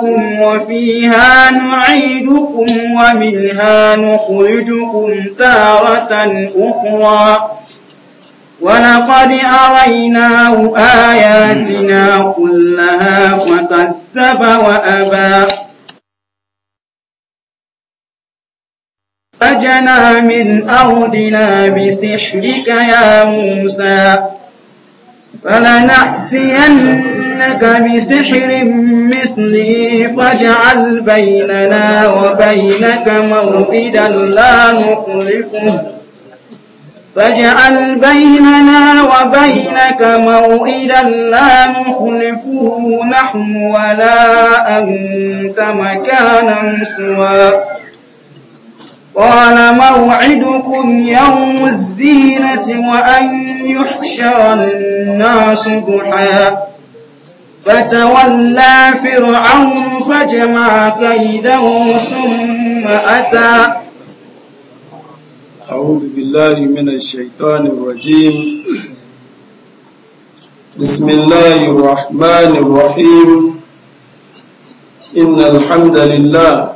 خلقناكم وفيها نعيدكم ومنها نخرجكم تارة أخرى ولقد أريناه آياتنا كلها فكذب وأبى فجنا من أرضنا بسحرك يا موسى فلنأتينك بسحر مثلي فاجعل بيننا وبينك موئدا لا نخلفه فاجعل بيننا وبينك موئدا لا نخلفه نحن ولا أنت مكانا سوى قال موعدكم يوم الزينة وأن يحشر الناس ضحى فتولى فرعون فجمع كيده ثم أتى أعوذ بالله من الشيطان الرجيم بسم الله الرحمن الرحيم إن الحمد لله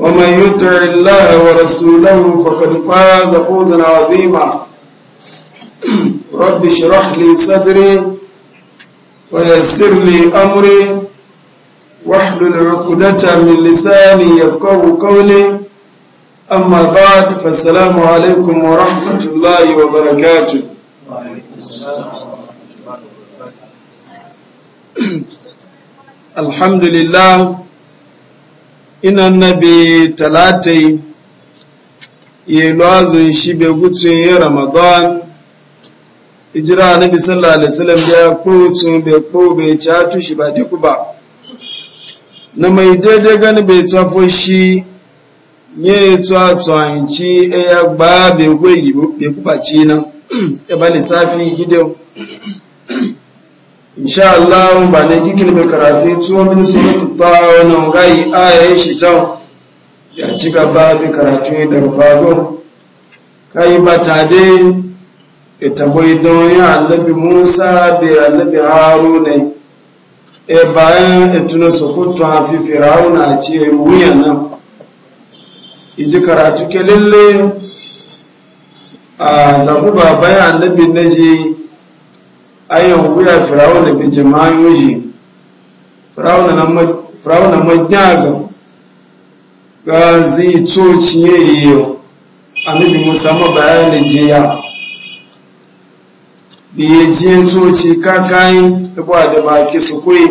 ومن يطع الله ورسوله فقد فاز فوزا عظيما رب اشرح لي صدري ويسر لي امري واحلل عقدة من لساني يفقه قولي اما بعد فالسلام عليكم ورحمة الله وبركاته الحمد لله inan na be talatai ya lazun shi be gutsun ya ramadan ijira na bisallah alisalam ya kowacin be ko be catu shi ba diku ba na mai daidai gani bai tafo shi ne ya tuwa tuwanci e ya gba be ci nan ya e ba safi gidan insha Allah ba ne kikin da karatu tuwa mini suratu ta wani gayi shi ta ya ci gaba bi karatu ya darfago kai ba ta ita bai don ya annabi Musa da annabi Haruna e bayan ituna su kutu hafi firawuna a ce wuyan nan iji karatu ke lalle a zaku ba bayan annabi na ayan wuya da bi jama'in shi na majaga ga zai coci ya yi yau annabi musa mabayan da jiya da ya jiya coci kakayin ibuwa da baki su kuri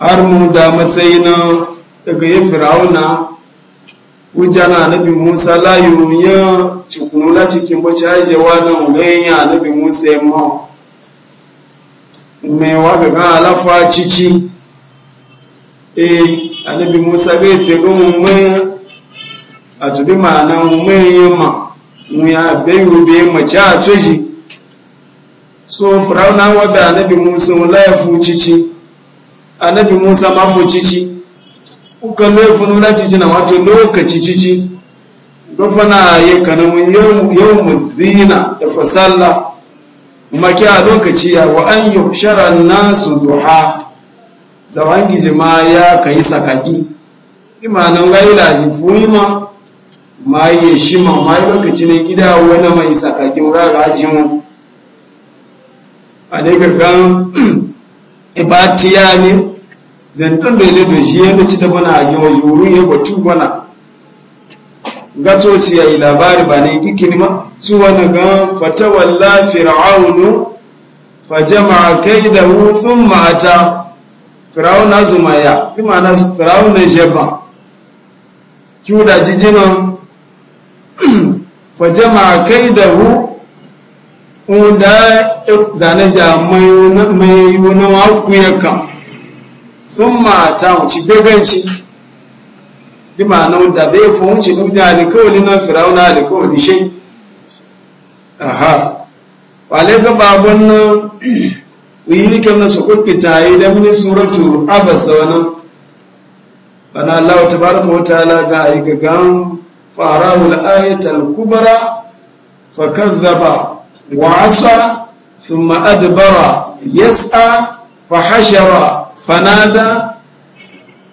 har mu da matsayi na daga ya firawuna wujana anabi musa layu ya cikunu la cikin bacci aje wannan ganyen anabi musa ya mawa mai wa gaga alafa cici eh anabi musa ga ite ga mai a tubi ma'ana mai ma, mu ya bayu be ma a tsoji so farauna wa da anabi musa la e, ya fu cici anabi musa ma fu cici kuka laifin cici na wato lokaci cici rufana ya mun yau muzina da fasalla maki a lokaci ya wa an yi nasu duha zawangi jima ya ka yi sakaki imanin laila ji fulima ma yi shima ma yi lokaci ne gida wani mai sakaki rara jimu a daga gan ibatiya ne bai da ile shi ya ci da bana a gina yuru ya batu bana gatoci ya yi labari ba ne gikini ma su wani ga fatawalla fir'aunu fa jama'a kai da hutun mata fir'auna zumaya bi ma'ana fir'auna sheba kiuda jijinan fa jama'a kai da hu da zane ja mai yi wani wakuyakan sun mata wuce gaganci bi ma'ana da zai fahimci mutane da alikawali na firawuna alikawali shi aha wale ga babon nan wuyiri kam na su kukkita yi da mini suratu abasa wani bana allahu tabaraka wa ta'ala ga yi gagan farahu al-ayatul kubra fa kadhaba wa asa thumma adbara yas'a fa hashara fanada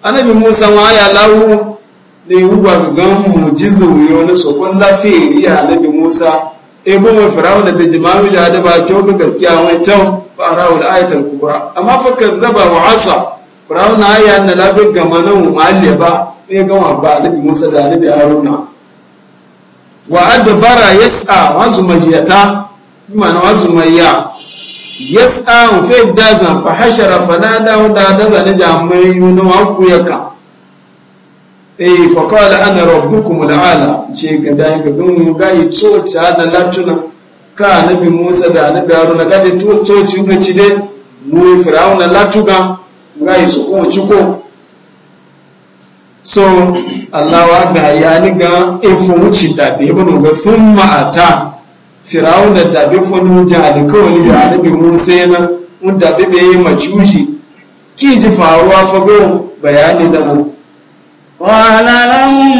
anabi musa ma ya lawo ne wuba gan mujizu yo na sokon lafiya ya anabi musa e mu firawuna da jama'u ja da ba kyau ga gaskiya tau can da ayatul kubra amma fa kazzaba wa asa na ya na labe gama nan mu'alli ba ne wa ba anabi musa da anabi haruna wa adbara yas'a wa zumajiyata bima na wa zumayya yas'a fe dazan fa hashara fa nada wa da da ne jamai yuna wa ku yaka eh fa qala ana rabbukum al'ala ce ga dai ga gun ga yi tsoci da latuna ka nabi Musa da nabi Haruna ga dai tsoci ga ci dai mu fir'auna latuga ga yi su ko ciko so Allah wa ga ya ga ifu eh, ci da be mun ga thumma ata Firawun da bi fonu jali kawai da annabi musa yana mun da bi yi macushi ki ji faruwa fa go bayani da mu qala lahum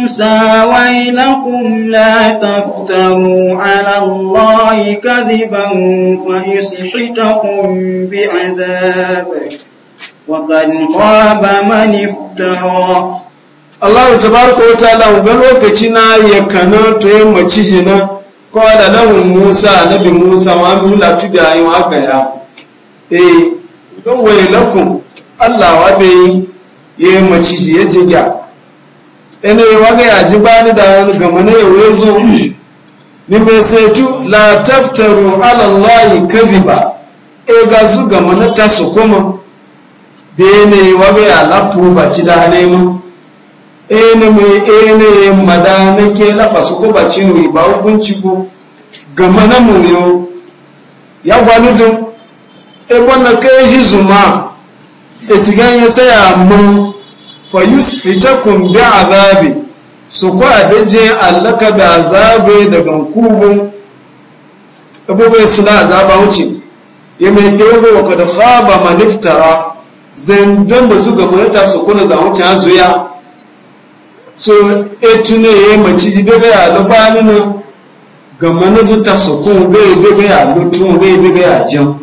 musa wailakum la taftaru ala allahi kadiban fa yusihitakum bi adab وقد خاب من افترى Allah tabaraka wa ta'ala ga lokaci na yakana to yammaci jina kọ́lá lẹ́hùn musa níbi musa wọn bí wúlà túbí ayé wọn àgbẹ̀yà ee gbọ́wọ́ ìlẹ́kùn aláwa bẹ́ yé maciji yé jìgà ẹni wákẹ́ àjíbá ní dáhùn gàmọ́ ní zo ní mẹ́sẹ̀tú látẹ́fẹ̀rù alàláyé kẹ́fìbà ẹ̀gá zu gàmọ́ ní bẹ́ẹ̀ ni wákẹ́ e, bàtí ene mai ene mada na ke lafa su ko ba cin riba hukunci ko gama na muriyo ya gwani dun ebo na kai shi zuma etigan ya tsaya mun fa yusfitakum bi azabi su ko adaje allaka da azabe daga kubun e bai suna azaba wuce ya mai ɗebo wa kada khaba maniftara zan don ba zuga ta su kuna zamuci zuya. so etune ye maciji bebe ya lo ba nínú gama na zuta sokun bee bebe ya lo tun bee bebe ya jẹun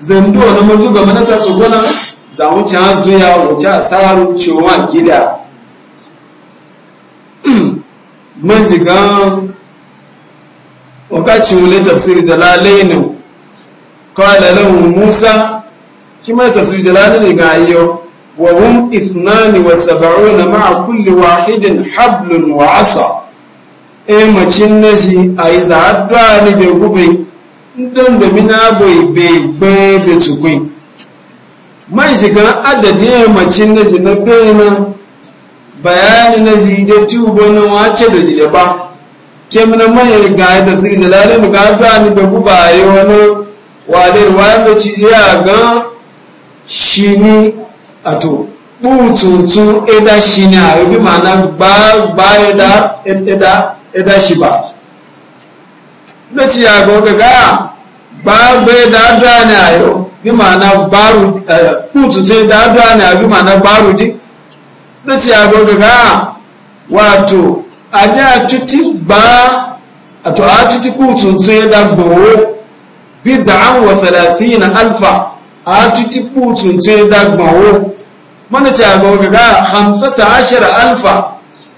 zendo na mazu gama na ta sokun na zawon ci ha zuya wace a tsarin cewa gida majigan wakati wule tafsir jalalainin kawai lalawun musa kima tafsir jalalainin ga yau وهم اثنان وسبعون مع كل واحد حبل وعصا إما تشنجي أي زعدوا لبيغوبي don domin bai bai bai tukun Mai shiga adadin yammacin na ji na bayanan bayani na ji da tubo na wace da jide ba kem na mai ga ta tsiri jalalin ga ga ni da a yi wani wadai ci ya ga shi ni ato bututu eda shi ne a yi mana gba eda eda eda shi ba lokaci ya ga wata gaya ba bai da ne a yau bi ma'ana baru bututu eh, da addu'a ne a bi ma'ana baru di lokaci ya a ní àtútí gbá àtọ̀ àtútí bututu eda gbòó bí wa alfa a tuti putun tun dagbawo mana ci agba ga hamsa ta ashara alfa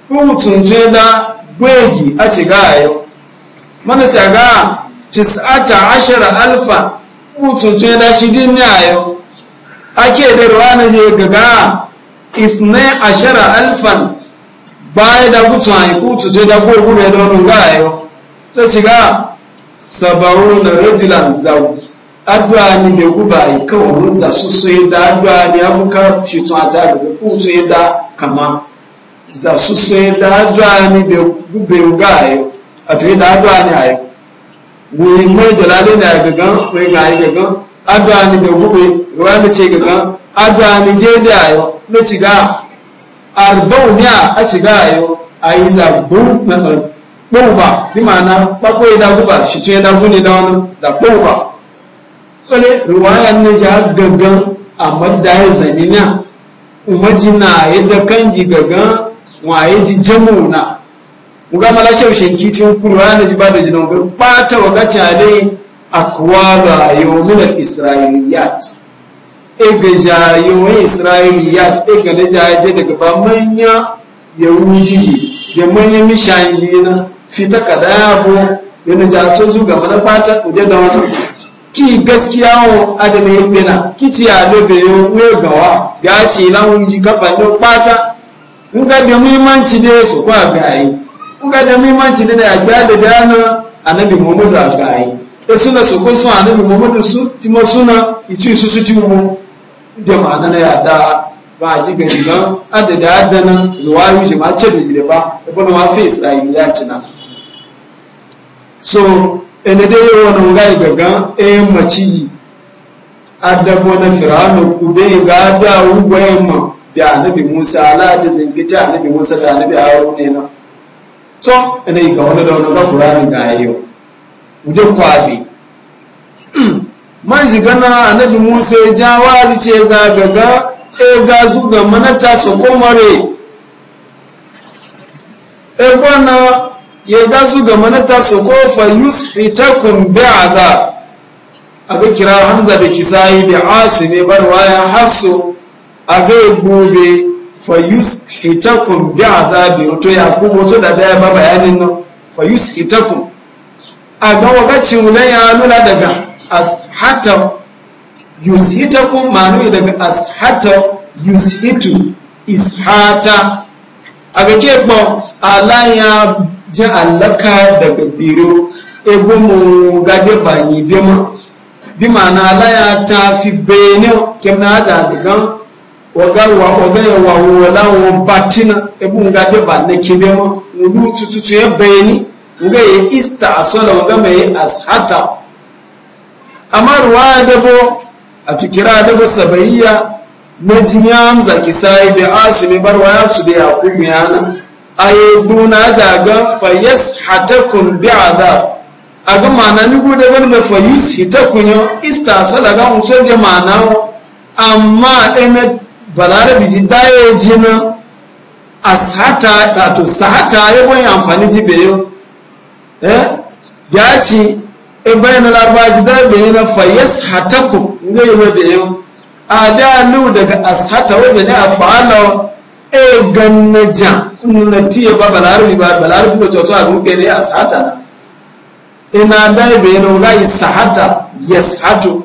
putun tun da gwegi a ci ga yau mana ci ga ta ashara alfa putun tun da shidin ne a yau ake da ruwa na je gaga ga isne ashara alfan baya da putun a yi putun tun da gwegi ne don ga yau ta ci ga sabarun rajulan zaune addu'a ni mai guba yi kawai mun za su so yadda addu'a ni ya muka shi tun ata daga kutu yi da kama za su so yadda addu'a ni mai gube ga yi a yi da addu'a ni a yi muhimmai jalali na ya gagan mai ga yi gagan addu'a ni mai gube ruwa da ce gagan addu'a ni daidai a yi na ci ga arba'u ni a ci ga a yi a yi za gbogbo ba bi ma'ana bakwai da guba shi tun yadda gune da wani za da ba. kole riwayan na ja gangan madaya zamina ya na ya da kan gi gangan waye ji jamu na muga mala shaushen kitin kurwa na ji ba da jinan gurin bata wa gacha ne ga yomin isra'iliyat e ga jayoyin isra'iliyat e ga na jayaje daga ba manya ya wuni jiji ya manya mishanji na fita kada ya bu yana jato zuga mana fata kuje da wani ki gaskiya wo adana himbina kici ya lobe yo we gawa ga ci na mu ji kafa do pata nga da muhimmanci ne su kwa gayi nga da muhimmanci ne da ga da dana annabi muhammadu a yi e suna su kun sun annabi muhammadu su timo suna itu su su mu da ma'ana na da ba ji ji ba adada e adana ruwayu ji ma ce da ba ibn wa fi ci na so ene dai wani ngai gaga e maciji adabu na firano kube ga da ugwaye ma da annabi Musa ala da zingita annabi Musa da annabi ne na to ene ga wani da wani da Qur'ani ga ayo uje kwabi man zigana annabi Musa ya e jawazi ce ga gaga e ga zuga manata so komare e bona ya ga su ga manata su kofa yushitakum bi'adha aga kira hamza da kisayi da asu ne barwa ya hafsu aga gobe fa yushitakum bi'adha to ya kubo to da da ba bayanin nan fa yushitakum ga wagaci wulan ya nuna daga ashata yushitakum manu daga ashata yushitu ishata aga ke gbọ alaya ji alaka daga biro ebo mu gaje banyi bema bi mana alaya ta fi bene kem na aja diga waga wa oga ya wa wala wo batina ebo mu gaje ba ne kibema nulu tututu ya bene nga ya ista asola gama mai ashata amma ruwa debo atukira tukira dabo sabayya na jinyam zaki sai bi asumi barwa ya su da ya kuma yana ayeguna jaga fayas hatakun bi adab aga mana ni gode ban be fayus hitakunyo ista sala ga muso de mana amma ene balare biji daye jina asata da to sahata ye boy amfani jibere eh yaci e bayan labaji da bayan fayas hatakun ngai we be a da lu daga asata wazani afala e ganna ja na tiye ba balarabi ba balarabi ba coto a rufe ne a sahata ina e dai bai na wula yi sahata ya sahato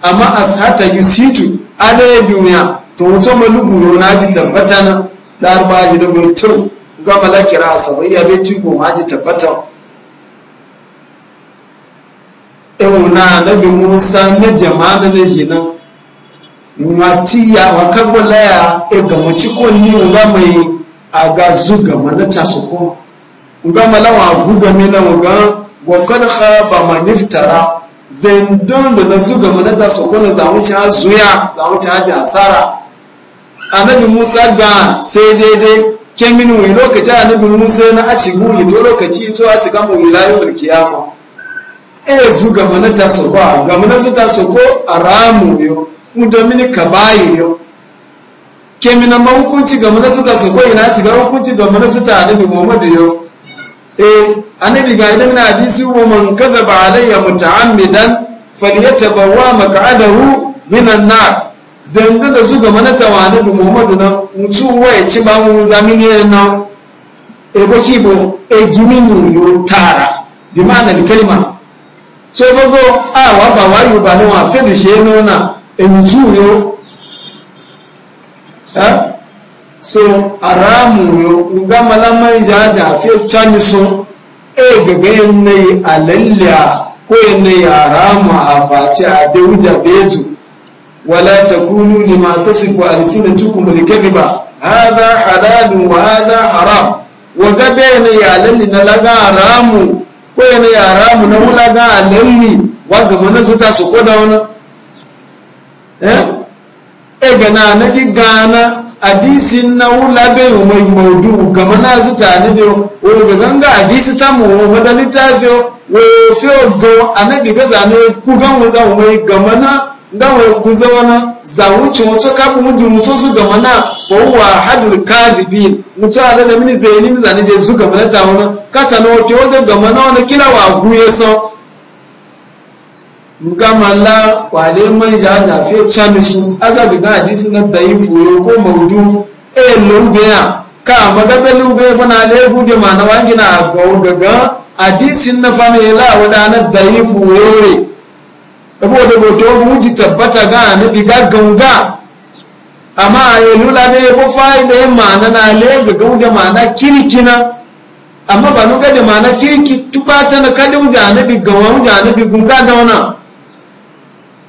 amma a sahata yi a da ya duniya to mutum malugu yau na ji tabbata na larba ji da mutum ga malakira a sabai ya bai tuko ma ji tabbata ewu na nabi musa na jama'a na shi nan matiya wakagbola ya egamo chiko ni ungama yi agazuga manata soko ungama la waguga mina unga wakana khaba maniftara zendondo na zuga ta soko na zuya, azuya zamuci aji asara anabi musa ga sai daidai kemini wani lokaci anabi musa na aci guri to lokaci to aci kama wilayar kiyama e zuga ta soko ga manata soko aramu yo udomini bayi yau ke mina ma hukunci ga mana suka su koyi na ci ga hukunci ga mana su ta annabi muhammadu yau eh annabi ga idan na hadisi wa man kadhaba alayya muta'ammidan maka maq'adahu minan nar zanga da su ga mana ta wa annabi muhammadu na mutu ya ci ba mu zamini na e ko ki bo e gimini yo tara bi ma'ana kalma so bago a ah, wa ba wayu ba ne wa fi shi nuna èmi tí ò yó so aramu yo nga malaman jaja fi chani so e gaga yanne alalya ko yanne aramu a faci a da wuja beju wala takunu lima tasifu alsinatukum alkadhiba hadha halal wa hadha haram wa gabe yanne alalli na laga aramu ko yanne aramu na wulaga alalli wa gaba na su ta su koda wannan Eh? e gana na ki gana adisi na wula bai mai maudu gama na zita ne biyo wo ga ganga hadisi samu wo wada littafi wo fiyo go anabi ga zane ku gan waza mai gama na gawa ku zawana za wuce wato kafin mudu mutu su gama na fawwa hadul kadibin mutu ala da mini zai ni zane je su gama na tawana kata na wato wada gama na wani kila wa guye sau nga malla kwale man ja ja fe chan su aga daga hadisi na daifu yo ko maudu e lubiya ka maga be lube fana le guje mana wangi na go daga hadisi na fana la wada na daifu yore abo da boto muji tabbata ga na diga ganga amma a e lula ne ko faida ma na na le ga guje mana kirkina amma ba nuga da mana kirki tubata na kadin janabi wuja janabi gunga da wannan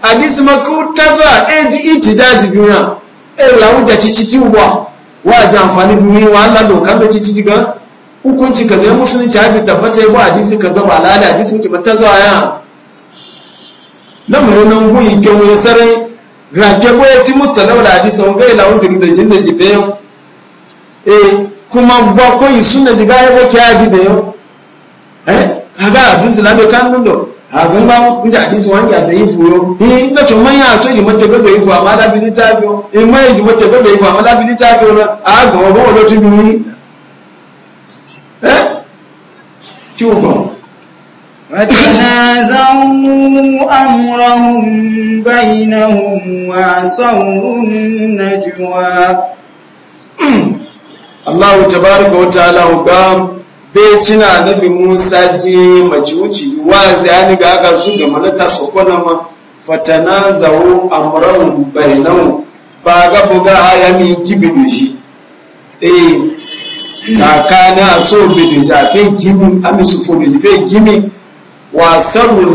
hadisi makaru ta zo a ɗaya ji iti jaji biyu na ɗaya lawuta cici tiwa wa ji amfani biyu wa Allah dokan da cici diga hukunci ka zai musulunci haji tabbata ba hadisi ka zaba al'ada hadisi mutu ta zo a yana lamarin nan guyi kyau ya sarai Rage goya ti musta da hadisi wani gai lawun zirin da jin da ji bayan E kuma ba koyi suna ji gaya ba eh, ki haji da yau a kaga abin zilabe kan nundo àgùn bá ń jà àdísì wọn jà bẹ ìfò yó ìyẹn gbẹtọ mọyìn àtọ ìmọ tẹgbẹ ìfò àmọ alábìlí táàbì ó ìmọ ìmọ tẹgbẹ bẹ ìfò cina nabi musa je majuci wa ani ga aka su ga malata su kona ma fatana zawo amran bainau ba ga buga aya mi gibi da shi eh tsakanin a so bi ja fe gimi ami su fodi fe gimi wa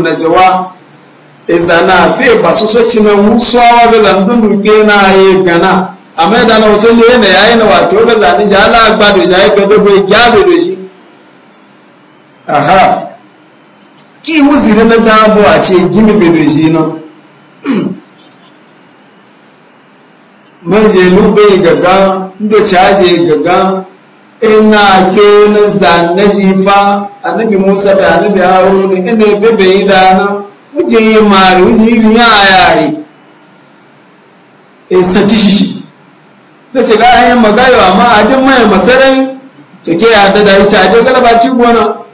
na jawa izana fe su so cina wa ga zandun ke na ye gana amma da na wato ne yana yayin wato ga zani jala gbadu jaye gbadu bai da shi aha ki wuziri na dabo a ce gimi bedoji na manje lube gaga ndo caje gaga ina ke na zane jifa annabi musa da annabi haruna ina bebe yi dana wuje yi mari wuje yi ya yare e sati shi da ce ga ayyan ma amma adin mai masarai ce ke ya da da ita adin galaba ci gona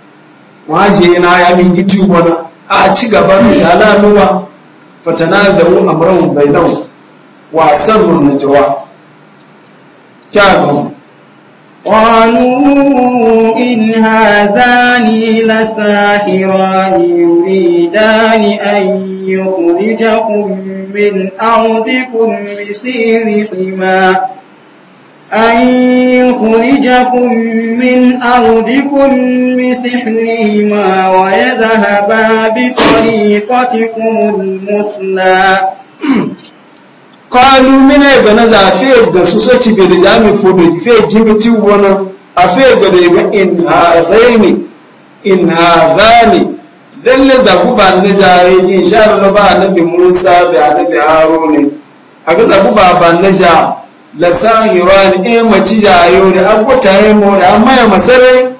waje na ya mingi tubo na a ci gaba da zalaluwa fatanazawu amrun bainahu wa sarru najwa kyano qalu in hadani la sahirani yuridani an yukhrijakum min ardikum bisirihima أن يخرجكم من أرضكم بسحرهما ويذهبا بطريقتكم المثلى قالوا من أجل نزع da su saci bai da jami fodo fe gimiti wani a fe ga da ga in hazaini in hazani lalle zabu ba na jare jin sha ba annabi Musa bai annabi Haruna a ga zabu ba ba na la sahiran e eh, maci yayo da abuta yi da amma ya masare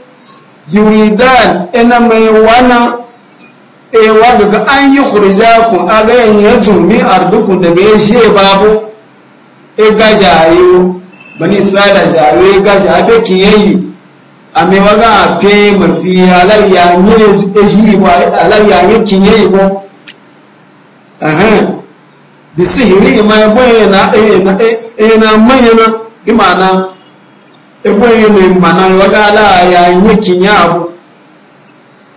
yuridan ina eh, mai wana e eh, waga ga an yi ku khurjakum aga yan yatu mi ardukum daga be she babu e ga yayo bani sada yayo e ga yabe kin yayi ame waga ape mafi alayya ne ejiri wa alayya ne kin yayi ko ahan da sihiri ma ya boye na eh na manyana imana eboye ne mana wagala ya nyikin yawo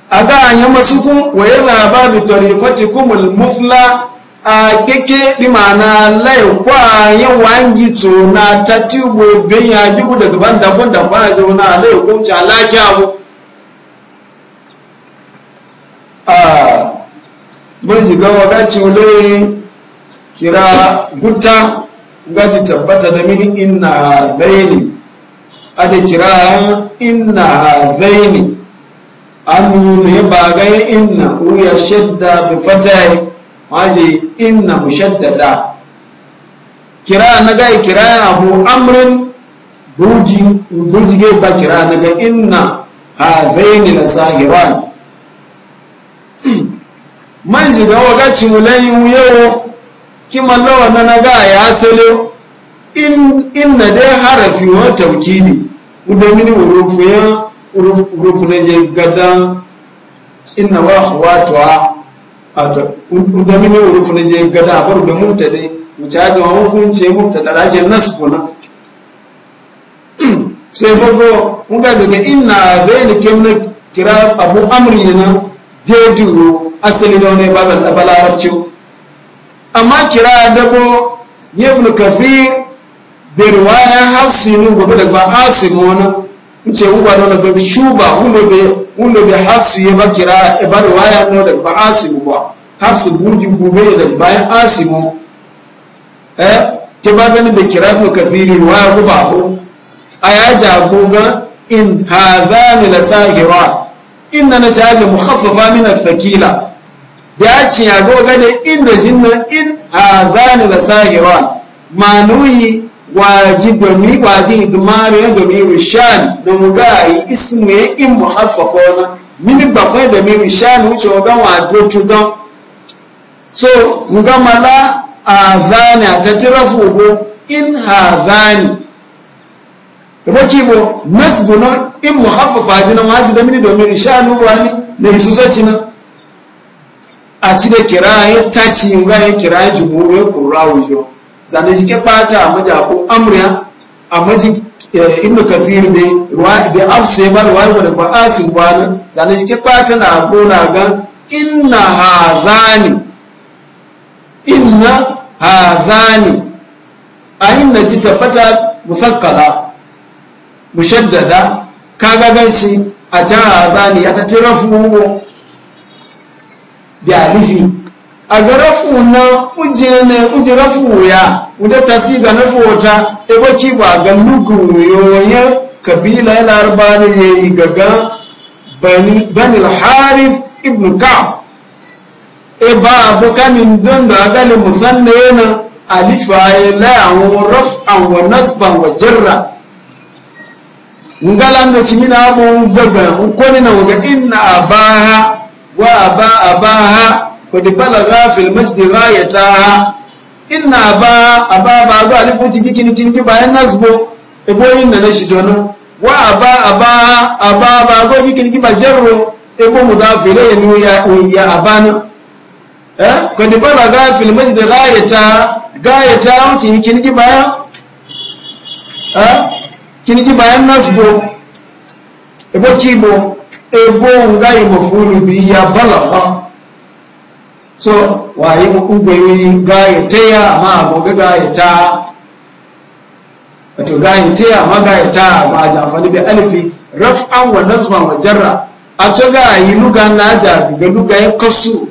aga anya masuku wa yana ba bi tariqati kumul mufla a keke bi eh, mana lai kwa yan wangi to na ta bo bin ya jibu daga banda banda ba zo na lai ko ta laja mu a mun shiga wakati lai kira guta gaji tabbata da mini ina zaini ada kira ina zaini an nuna ba gai ina ya shadda bi fatai maji shadda da kira na gai kira abu amrin buji bujige ba kira na ga inna zaini na zahiran man da wagacin wulayin yau kima lawa na naga ya salo in na dai harafi wa taukidi da mini urufu ya urufu na je gadan inna wa a to da mini urufu na je gadan bar da mubtada mutaji wa hukunce mubtada raje nasbu na sai gogo mun ga daga inna zaini kemna kira abu amri na je duro asali da wani babal da balarabci amma kira dabo ibn kafir bi riwaya hasinu gobe da ba hasimu wani ce uba no daga shuba wulo be wulo be hasi ya ba kira e ba riwaya no daga ba hasimu ba hasi buji gobe da bayan hasimu eh ke ba gani da kira ibn kafir riwaya goba ko aya ga in hadhani la sahira inna najaza mukhaffafa min athqila ya ci ya in da inda nan in azani la sahira manuyi wajibu mi wajibu maru ya domi rishan da yi ismu ya in muhaffafa wani mini bakwai da mi rishan wuce wa gan wato cutan so ga mala a tattira fugo in hazani rake bo nasbu na in harfafa jinan wajibu da mini domi rishan wani na isu saci na a ci da kirayen taci ngayen kirayen jumhuriyar kurawu yau zane shi ke bata a maja ko amriya a maji ka eh, kafir ne ruwa bi afse ba ruwa wani ba asin kwana zane shi ke bata na gona ga inna hazani inna hazani a inna ji tabbata musakkala mushaddada kagaganci a can hazani ya ta tirafu bialifi aga rafu na uje na ya uda tasiga na fota ba ga yoye kabila ya larbani yayi gaga bani al ibn ka'b e ba abokanin don da agalin musanna yana alifa ya la a raf'an wa nasban wa jarra ngala ndo chimina abo gaga ukoni na uga inna wa aba abaha kòdì bálàgá fìlmẹ́tìdì ráyẹ̀ táa ina bá àbábá agbá alífòtí kíkíníkíní bíbá ẹ̀ násìbò ebó yìí nà lẹ́sì dọ́nà wá àbá àbábá agbá kíkíníkí bá jẹ́rò ebó mùdá fèrè yẹn ni òyìnbá àbáná kòdì bálàgá fìlmẹ́tìdì ráyẹ̀ táa gáyẹ̀ táa ń tì kíníkí bá ẹ̀ násìbò ebó kí ibò. ebon gai mafulu bi ya balagha so wayi ugbewi gai teya ma agoga gai ta wato gai teya ma gai ta ba a amfani da alifi raf'an wa nazman wa jarra a ce gai luga na ja ga luga ya kasu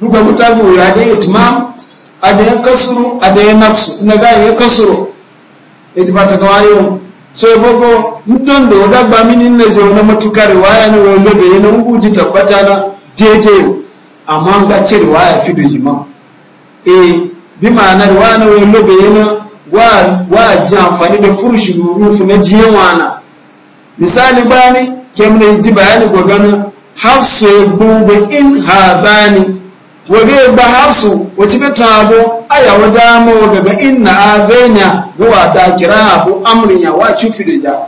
luga mutane ya da itmam a da ya kasuru a da ya nafsu na gai ya kasuru ya ji ba ta gawayo so boko ndon da wada ba mini ne zo na matukar waya ne wani lobe yana uguji tabbata na jeje amma ga ce waya fi da jima eh bi ma'ana waya ne wani lobe wa ji amfani da furushi rufu na jiyewana misali bani kemne ji bayani gogana hafsu e bubu in hadani wage ba hafsu wace bi tabo aya wada mu daga inna azanya wa ta kira abu amrin ya wa chufi da ja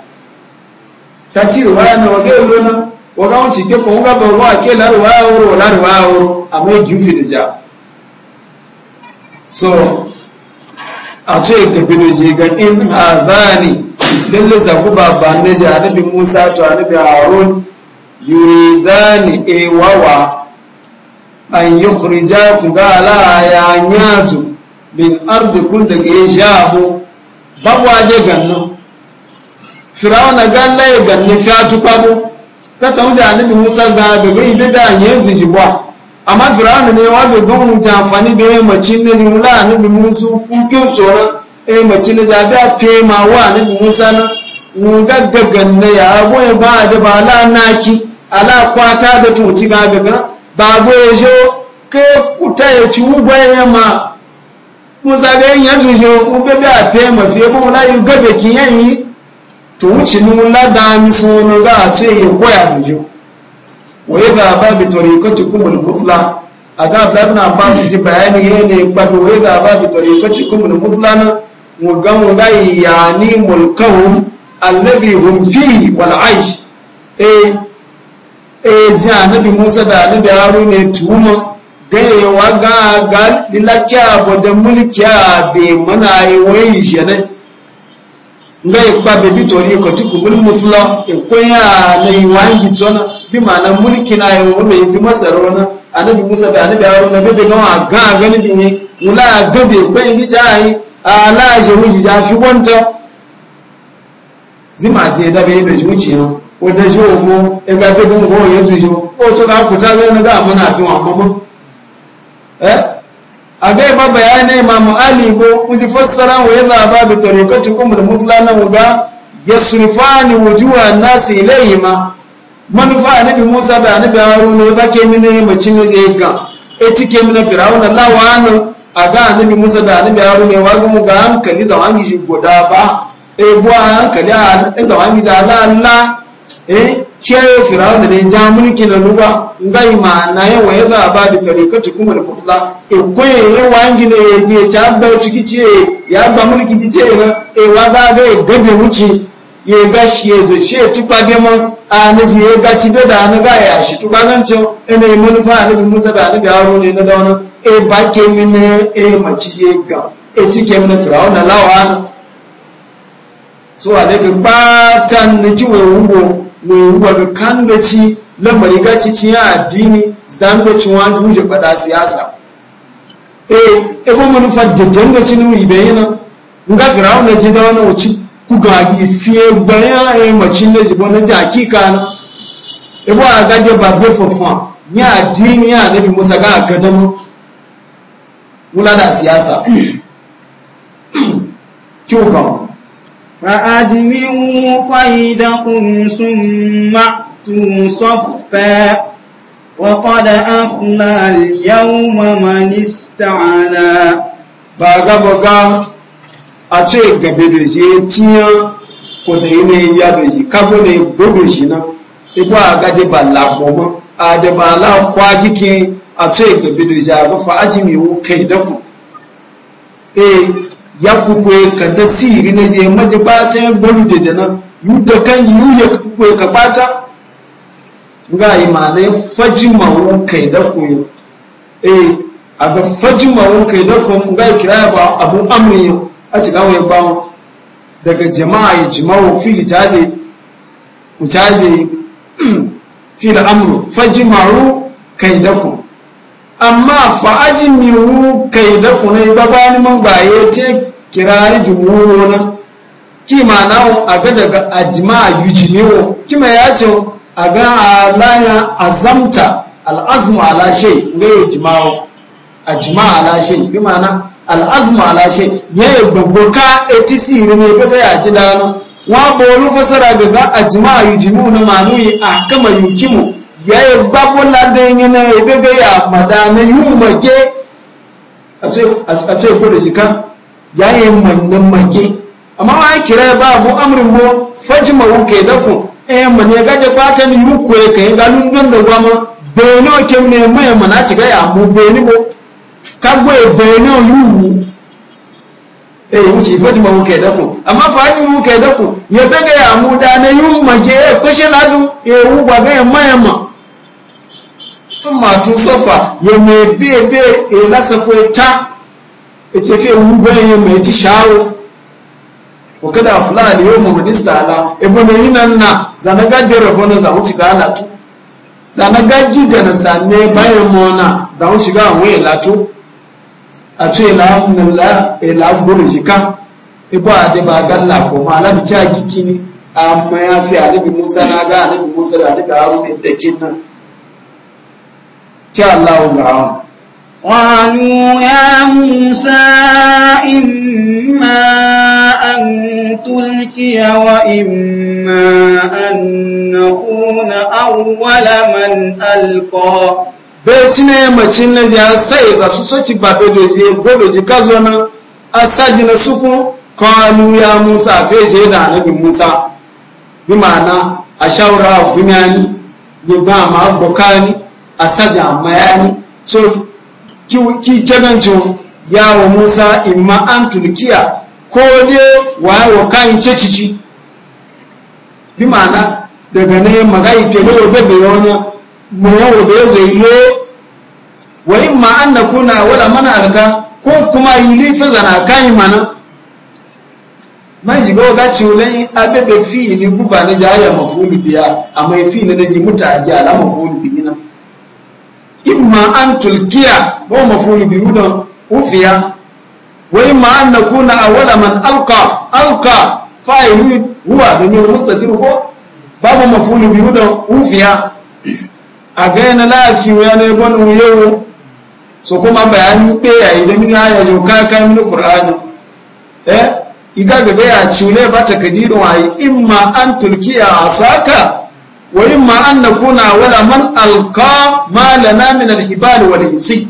tati wa na wage lona waga wuce ke ko ga ba wa ke la wa woro la wa woro amma jufi da ja so a ce ga binoji ga in azani lalle zaku baba ne ja annabi Musa to annabi Harun yuridani Ewawa. an yukhrija ku ga alaya ya nyatu bil ardi kun daga ya shabu babu aje ganno firawuna galla ya ganni fiatu babu ka tamu da alibi musa ga ga gai da da yanzu shi ba amma firawuna ne wa ga gun ta amfani da ya macin ne mula alibi musu kukin tsoron tsora eh macin ne da da fe ma wa alibi musa na mu ga ganne ya goye ba da ba la naki ala kwata da tuci ga ga babu ejo ke kuta ya ci ugwa ya ma musa ga yin yanzu zo ugbe bi a pe ma fi ebo wala yin gabe ki yan yi to wuce ni wala da mi so no ga a ce ya koya mu zo wa yadha ba bi tariqatikum al-mufla aga abdurna bas ji bayani ne ne ba wa yadha ba bi tariqatikum al-mufla na mu ga mu ga yani mulkahum alladhi hum fi wal aish eh e ji annabi musa da annabi haruna ya tuma gaiwa ga ga lilakiya bodan mulkiya be mana yi wayi shene nga ikpa be bitori ko ti kubul musla e koya yi iwangi tsona bi mana mulki na yi wona yi masarona anabi musa da annabi haruna be be ga ga ga ni bi ne mula ga be ko yi tsai ala je wuji ja shubonta zima je da be be shi no wanda shi ogun ẹgbẹ́ pé kuma wọn yóò tún ṣe ó tó ká kùtà lẹ́nu dáa mọ́ náà fi wọn àpamọ́ ẹ́ abẹ́ ma bayani ma ali ko kuti fassara wa yi zaba bi tarokacin kuma da na wuga ya surfani wujuwa nasi ilayhi ma manufa a anabi musa da haru haruna ba ke mini mace ne zai ga eti ke mini firawuna lawanu a ga anabi musa da anabi haruna ya wagu mu ga hankali zaman gishi goda ba ebuwa hankali a zaman shi ala allah eh kiyaye firawun da ne ja mulki na nuba ngai ma na yawa ya za ba da tarikatu kuma da mutla e koye ya e, wangi ne ya e, je ta ba ciki ce ya ba mulki ji ce na e wa ga ga ya e, gabe wuce ya ga shi ya zo shi ya tuba be mu a na ji ya ga ci da na ga ya shi tuba nan ce ina yi manufa na musa da na garo ne na dauna e ba ke min e mace ya ga e cike min firawun na lawa so a daga batan da kiwo wugo wewuwa ga kandoci lamari gaci cikin addini zandocin wani wuje bada siyasa eh, e ebo manufa jajjan da cinu ibayina nga firawun da ji da wani wuci ku gagi fiye bayan a yi macin da jibon na ji hakika na ebo a gaje ba de fofon ni addini ya nabi musa ga gadan wula da siyasa kyau kan فأدموا قيدكم ثم أتوا صفا وقد أخلى اليوم من استعلى بغا بغا أتوا قبلوا جيتيا kodà yìí ni ya bẹ yìí kábò ni gbogbo yìí ná ibò àgàdìbà làbọmọ àdìbà làkọ àjìkìn àtúnyẹgbẹ bìdìjà àgọfà àjìmìwò kẹyìndẹkùn ee ya kuku ya da siri na zai maji bata ya bolu da dana yu da kan yu ya kuku ka bata ga yi mana ya faji kai da koyo eh a ga faji ma'un kai da kuma e, ga kira ya ba abun amurin yau a ci gawo ya ba mu daga jama'a ya jima'u fili caje mu caje fili amuru faji ma'un kai da kuma amma min miwu kai da kunai babani man baye ce kirayi jumhuro na ma na a ga daga ajima ki kima ya ce a ga alaya azamta al'azmu ala shay ga yujmawo ajima ala shay bi ma'ana al'azmu ala shay ya yi gbogboka atc ne ba ga ya dano wa bolu fasara ga ga ajima yujinu na manu yi ahkama yukimu ya yi babbula da yin na ya bebe ya madana yun mage a ce ko da jika ya yi mannan mage amma ma kira ba abu amurin mo faji ma wuke da ku eh mane ga da fatan yu ku ya kai ga lundun da gwama beno kem ne mai mana ci ga ya mu beni bo ka gwe beno yu eh wuce faji ma wuke da ku amma faji ma wuke da ya ta ga ya mu da na yun mage eh, ko shi ladu eh wu gwa ga ya mai ma tun matun sofa ya mai bebe e ta e tafiya wugon ya mai ti shawo wa kada fulani yau mu minista ala e yi yinan na zana gajin rabona za shiga alatu zana gaji da na sanne bayan mona za mu shiga mu alatu a ce la nalla ba de ba fi kí aláwọ̀ gbà wọn. قالوا يا موسى إما أن تلقي وإما أن نكون أول من ألقى betina macin na ya sai za su soci ba bedo je gobe ji kazo na asaji na suku kalu ya musa fe je da annabi musa bi ma'ana a shawara bunani bi ba ma bukani asaga mayani so ki kegancin yawo musa imma an tulkiya ko dai wawo kayan cecici bi ma'ana daga ne magai ke ne wabe bai wani mu ne ya zai lo wa imma an na kuna wala mana alka ko kuma yi lifi zana kayan mana mai jiga wa gaci wulai abebe fi ni guba na jaya mafulu biya amma fi ne na naji mutaje ala mafulu biya imma an tulkiya wa mafulu bi hudan ufiya wa imma an nakuna awwala man alqa alqa fa'ilu huwa damir mustatir ko babu mafulu bi hudan ufiya a gaina lafi wa ne bonu yau so kuma bayani be ya idan min aya yau ka ka min qur'ani eh iga ga ya cule ba takdiru ai imma an tulkiya asaka wa yin ma an na kuna wala man alka ma lana min alhibali wal insi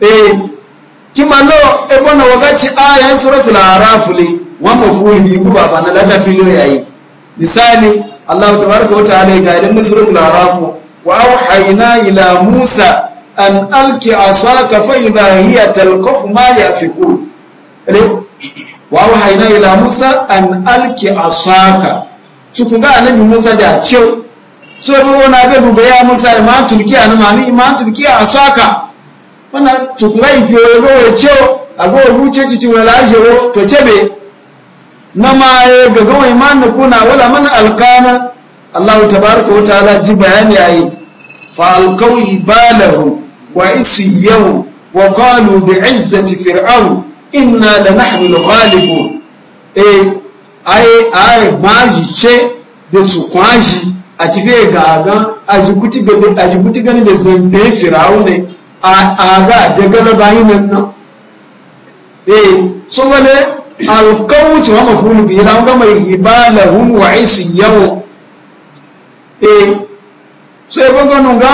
eh kimalo ebona wakati aya suratul araf li wa mafuli bi ku baba na lata filo yayi misali Allah tabaraka wa ta'ala ga idan suratul araf wa awhayna ila musa an alki asaka fa idha hiya talqaf ma yafikun wa awhayna ila musa an alki asaka tukunga annabi musa da ciyo so ruwa na ga ya musa ma turkiya na mami ma turkiya a saka wana tukunga ifiyo ga wa ciyo a ga wa ruce cici wa wo to cebe na ma ya e gaga iman na wala mana alkana allahu tabaraka wa ta'ala ji bayani yayi fa alqaw ibalahu wa isiyahu wa qalu izzati fir'aun inna lanahnu al-ghalibun eh àìgbọ́n àyíṣe bẹ̀tùkún àyí àti fi gàgán àyíkútí gani da zambe fìràún ne àgá àdẹ́gẹ́lẹ́ báyìí nínú ee so wani alkawun tí wọ́n mọ̀ fún olùbí yìí gama ìbá lahun wa ìsì yawon ee so ebe ganu ga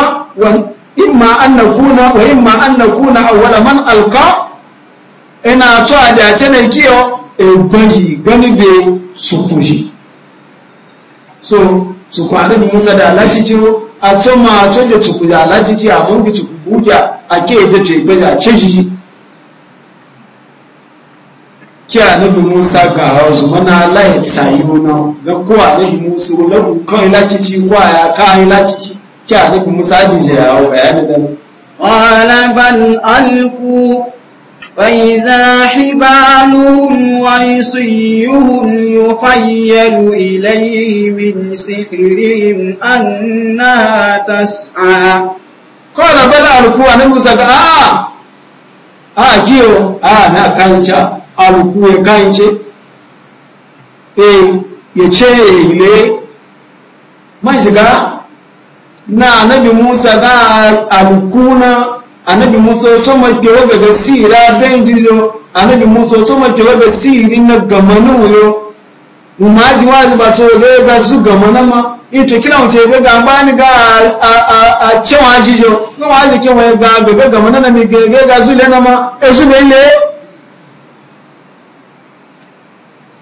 imma an na kuna wa imma an na kuna awwala man alka ina e to a dace ne kiyo egbeji ganibe sukuji so suku anabi musa da alacici a tsoma a tsoje suku da alacici a mun gici buja a ke da to egbeji a cejiji ki anabi musa ga wasu mana laye tsayi wani ga ko anabi musa wani kan ilacici wa ya ka ilacici ki anabi musa jije ya wa bayanin da قال بل ألقوا فإذا حبالهم وعصيهم يخيل إليه من سحرهم أنها تسعى قال بل ألقوا أنا موسى آه آه جيو آه نا كانشا ألقوا كانشا إيه يشيل ما يشجع na annabi Musa ga alkuna annabi musa ya tuma kewa ga gasira dan jijo annabi musa ya tuma kewa ga siri na gamanu yo umaji wazi ba to ga ga su gamana ma ito kila mu ce ga ga ni ga a a cewa jijo ko wazi ke kewa ga ga gamana na mi ga ga su le na ma e su le le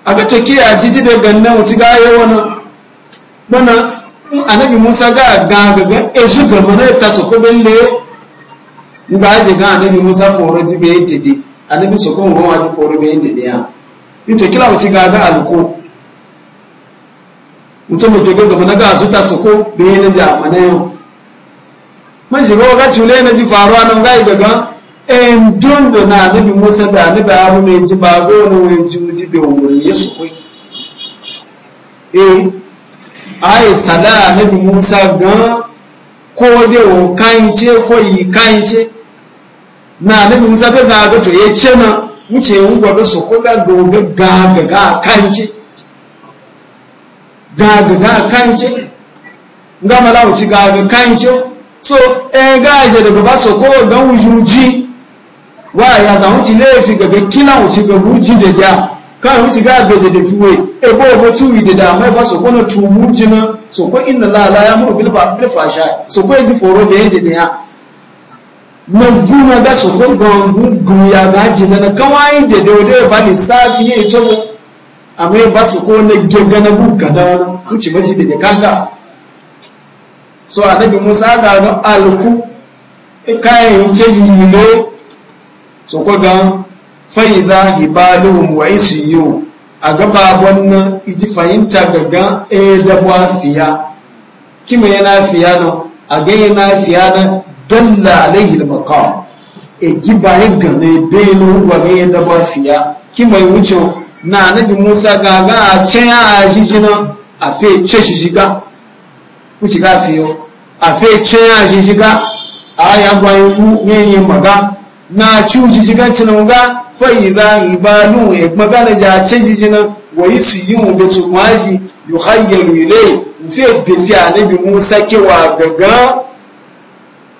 aga to kiya jiji da ganna mu ci ga yawana mana annabi musa ga ga ga e su gamana ta so ko le in ba aje ga annabi musa foro ji be yedede annabi so ko mo waji foro be ya kila wuci ga ga alko mutum to ga na ga su ta be ne ja mana yo man shi ga chule na ji faruwa nan ga daga en na annabi musa da annabi abu mai ji ba go na wai juji be wuri yesu ko eh ayi tsada musa ga ko de o ko yi kanche na nabi musa ga gaga ya ce na wuce yin gwada su ko gaga gaga gaga kanci gaga gaga kanci nga mala wuce kanci so e eh, gaje daga ba su ko ga wujuji wa ya za wuce laifi gaga kila wuce ga wuji da ja kan wuce gaga da dafiwe e bo bo tuwi da da ba su ko na so ko inna la mu bil fa so foro da yadda da ya na guna ga su ko gungun ya gaji na kawai da dole ba ne safi ya ce mu mai ba su ko na gega na guga da kuci maji da kanga so annabi Musa ga no alku kayan kai ce yile so ko ga fa idha hibaluhum wa isyu a gaba wannan iji fahimta gaga e eh, dabuwa fiya kima yana fiya no a ga yana fiya na dalla alaihi al-maqam e gibaye game beno wa ga yadda ba fiya ki mai wuce na nabi musa ga ga a can a shishina a fe ce shishiga wuce ga fiyo a fe ce a shishiga a ya gwayo ku yanyin maga na ci shishiga cinan ga fai za ibalu ya maga na ja ce shishina wa yi su yi mu betu maji yuhayyar yule fe befi a nabi musa kewa gaga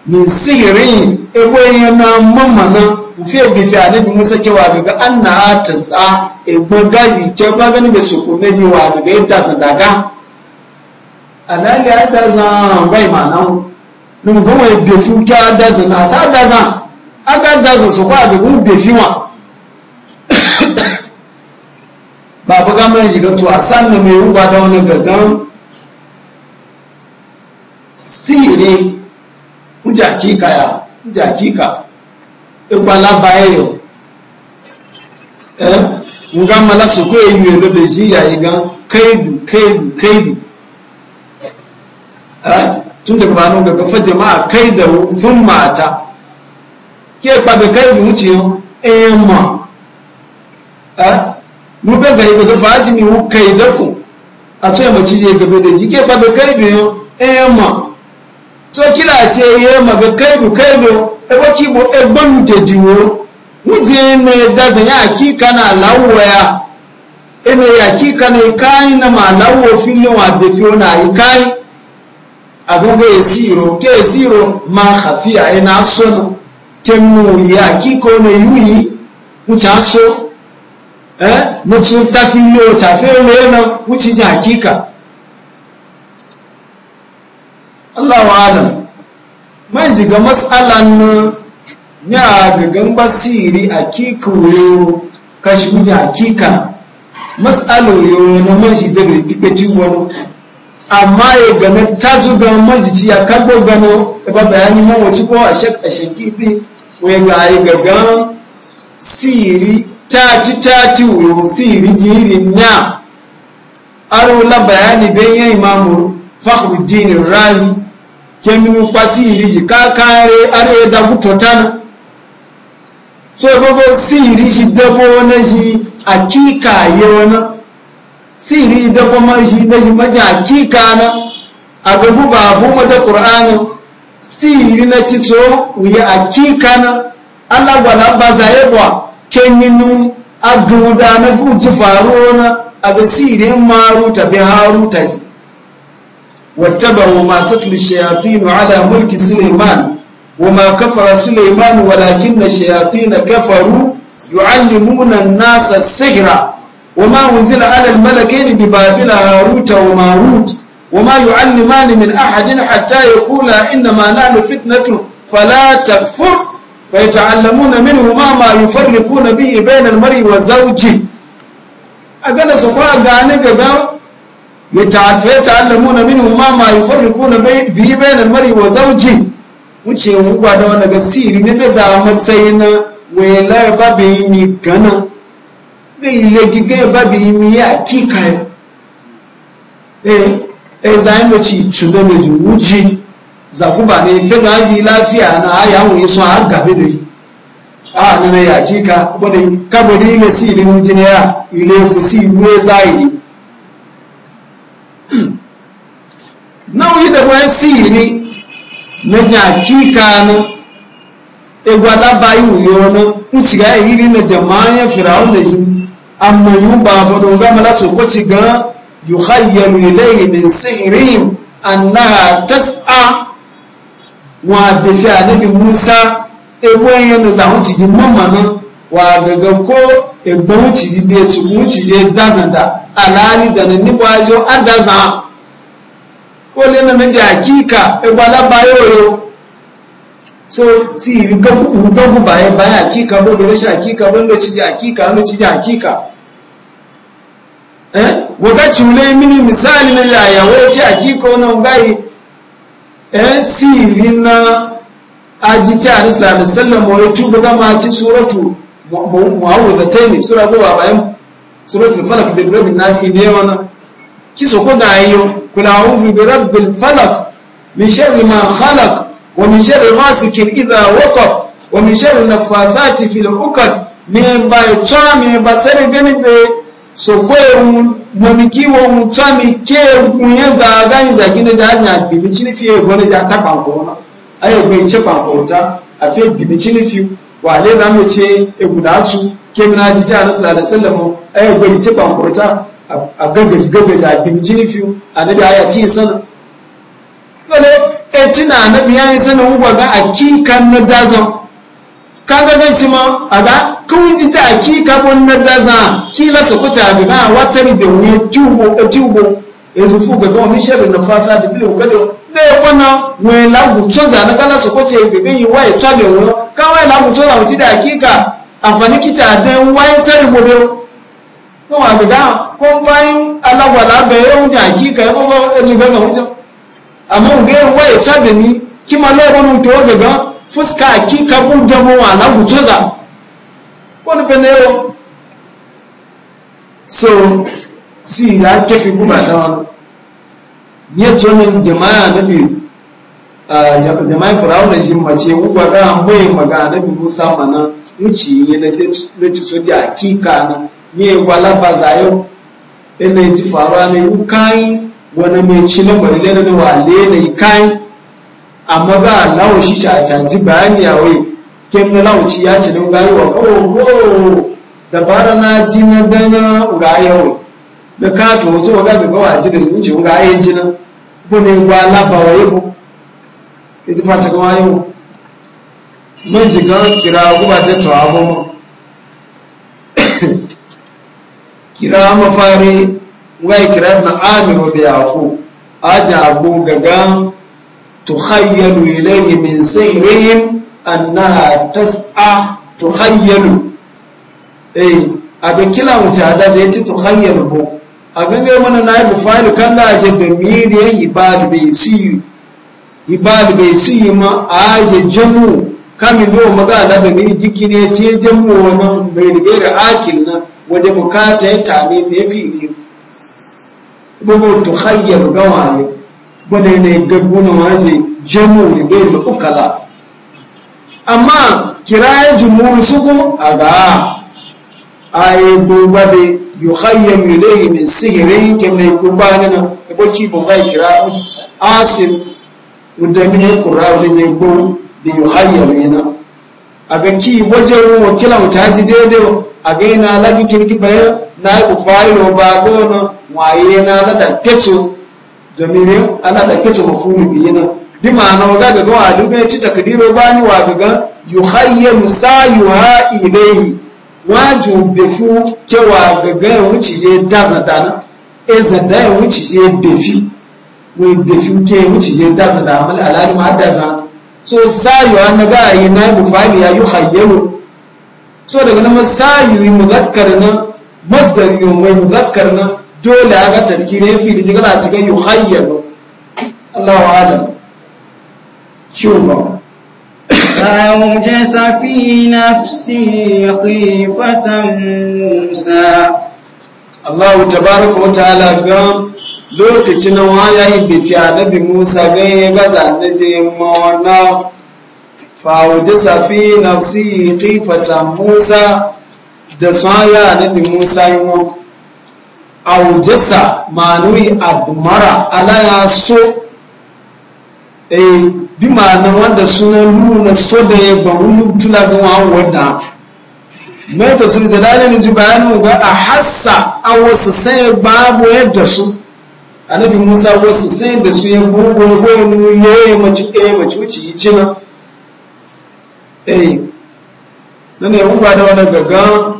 min sihirin egweye na mamana ufe gife a nabi musa gaga an na ata sa egbe gazi ke ba gani be soko ne ji wa gaga yadda sa daga alali a da za bai mana nun goma be fu ta da za na sa da za aka da za su kwa gaga be fi wa baba ga ya jiga to a san ne mai uba da wani gagan nje akika ya nje akika ikpalaba eyo eh nga mala soko eyu elo beji ya iga kaidu kaidu kaidu eh tun da ba nun gaga faje ma kaida sun mata ke kpabe kaidu wuce yo eh ma eh mu be ga iga faji mi wu kaidakun a tsoye mace je gabe da ji ke kpabe kaidu yo eh ma so kila ce ye maga kaibu kaibu ebo kibo egbonu jejiwo wuje ne daza ya hakika na lawaya ene ya hakika na ikai na ma lawo fili wa de fi ona ikai agogo esiro ke esiro ma khafia ina sono kemu ya hakika ne wuce aso eh mutu tafilo tafilo yana wuce hakika Allah wa Adam mai ziga matsalan na ya gagan basiri a kikoyo kashi da hakika matsaloyo na mashi daga rikipe ciwon amma ya gane ta zuga majici ya karbo gano ba yanyi mawaci ko a kifi wai ga yi gagan siri tati tati wuri siri jiri na aro bayani ben yayi mamuru fakhruddin razi keminu kwasiri kakare are da kutotana so gogo si shi dabo na shi akika yona siri dabo ma shi na ji maji akika na a gabu babu mata si siri na cito uya akika na Allah wala baza yabwa keminu aguda na ku ji faruwa na a ga maru ta bi haru ta shi واتبعوا ما تتلو الشياطين على ملك سليمان وما كفر سليمان ولكن الشياطين كفروا يعلمون الناس السحر وما أنزل على الملكين ببابل هاروت وماروت وما يعلمان من أحد حتى يقولا إنما نحن فتنة فلا تكفر فيتعلمون منهما ما يفرقون به بين المرء وزوجه أقول سفاء قاني قدام yata'allamuna minhu ma yufarriquna bihi mar'i wa zawji wuce wugwa da wani ga ne da da na wela ba bi mi gana ga ile giga ba bi mi ya kika eh eh zai mu ci chudo me wuji za ku ba ne fe lafiya na aya mu yi so a gabe da a na ya kika wani kabari ne mun ile ku ne zai siri na jakika na egwada bayi wuyo na uci ga na jama'a firawun da shi amma yi ba ba don gama la sokoci ga yuhayyalu ilayhi min sihirin annaha tas'a wa bi fi anabi musa egbon yana zahun cikin mamman wa gaga ko egbon ciki da ya cikin ciki da dazan da alani da ni nibajo a dazan ko le na meja hakika e bala bayo yo so si gabu gabu baye baye hakika bo da rashin hakika bo da cije hakika ne cije hakika eh wakati ule mini misali na ya ya wote hakika ona ngai eh si siri na aji ajita ali sallallahu alaihi wasallam wa yutubu kama ci suratu muawwidhatayn sura go bayan suratul falaq bi rabbin nasi ne wannan kisa kuda yiwu kula zube bi rabbil falak min sharri ma khalaq wa min sharri ghasikin idha waqab wa min sharri nafathati fil uqad min ba tsami ba tsari gani be so koyun nomikiwo mutami ke kunyeza gani za gine za nya fi e go ne za ta na ayo gbe ce ta a fiye mi chini fiye wa le na mu ce egudatu ke mi na sallallahu alaihi wasallam ayo gbe ce ta a gaggaji gaggaji a bimji nufi annabi aya ci sana wale etin annabi ya yi sana ugwa ga akikan na dazan kaga nan ci ma a ga kawunci a akika bon na dazan kila su kuta ga na watsari da wuya tubo tubo ya zufu ga gawa mishirin na fata da filin kwado na ya kwana wani lagucin zane kala su kwace gaggan yi waye tsabe wani kawai lagucin laguci da akika amfani kita don waye tsari gobe ko ma ga ko bayin ń be yau ta hakika ya kuma zuga ga hujja amma ga wai tabe ni kima lo wonu to ga ga fuska hakika kun jamo wala gutoza wani pene yo so si ní pẹ̀lẹ́ o da sí ìlà kẹfì jama'a nabi jama'in firawuna shi mai magana bi musa mana yi ye wala bazayo ene ji faruwa ne ukai wani mai ci na mai lena ne wale ne kai amma ga lawo shi ta canji bayani a wai kem na lawo ci ya ci ne ga yi wa ko dabara na ji na dana ga yawo na ka to so ga ga wa ji da wuce ga ayi ji na ko ne ba la ba wai ko ita fata ga wayo mun shiga kira guba ta tawago mu kira mafari wai kira na amiru da yaku aja abu gaga tukhayyalu ilayhi min sayrihim anna tas'a tukhayyalu eh abin kila wuce da zai ti tukhayyalu bo abin ga mana na yi fa'il kan da aje da miri ibad bai si ibad bai si ma aje jamu kamin do magana da miri dikine ce jamu wannan bai da akil na wadda bukata ya tame sai ya fili bugu to hayyar gawaye wadda ne gaggona ma zai jamu ne bai da ukala amma kiraya jumhur suku a ga ayi gugba be yi mai sihiri ke mai gugba ne na iboki e bugba kira asir mudamin kura ne zai go da yuhayyam ina a ga ki wajen wakilan ta ji daidai again na lagi kirki bayan na yi kufailo ba gona waye na lada kecho domin ana da kecho mafulu biyu na bi ma'ana wa gaga ga wadu ne ci takdiro bani wa gaga yu ha ilayhi waju befu ke wa gaga wuci je dazada na e zada ya wuci je befi we befu ke wuci je dazada amal alali ma dazana so sa yu sayuha na ga yi na yi bufali ya yuhayyalu so daga nan masayu muzakkar na masdar yu mai muzakkar na dole ga tarki ya fi da a cikin yuhayyar Allahu alam na فأوجس في نفسي musa. موسى الله wa ta'ala ga. lokacin waya yi bifiya na bi musa ga ya gaza na zai mawana fawujisa fi nafsihi khifatan musa da soya nabi musa yi mu. awujisa manui admara alaya so eh bi ma'ana wanda suna nuna so da ya ba wani tula ga wanda da tafsir jalalin ji bayanin ga a hassa a wasu sai babu yadda su annabi musa wasu sai da su ya gugu ya goyi ya yi mace ya mace wuce yi cina eh nan ya ba da wani gaga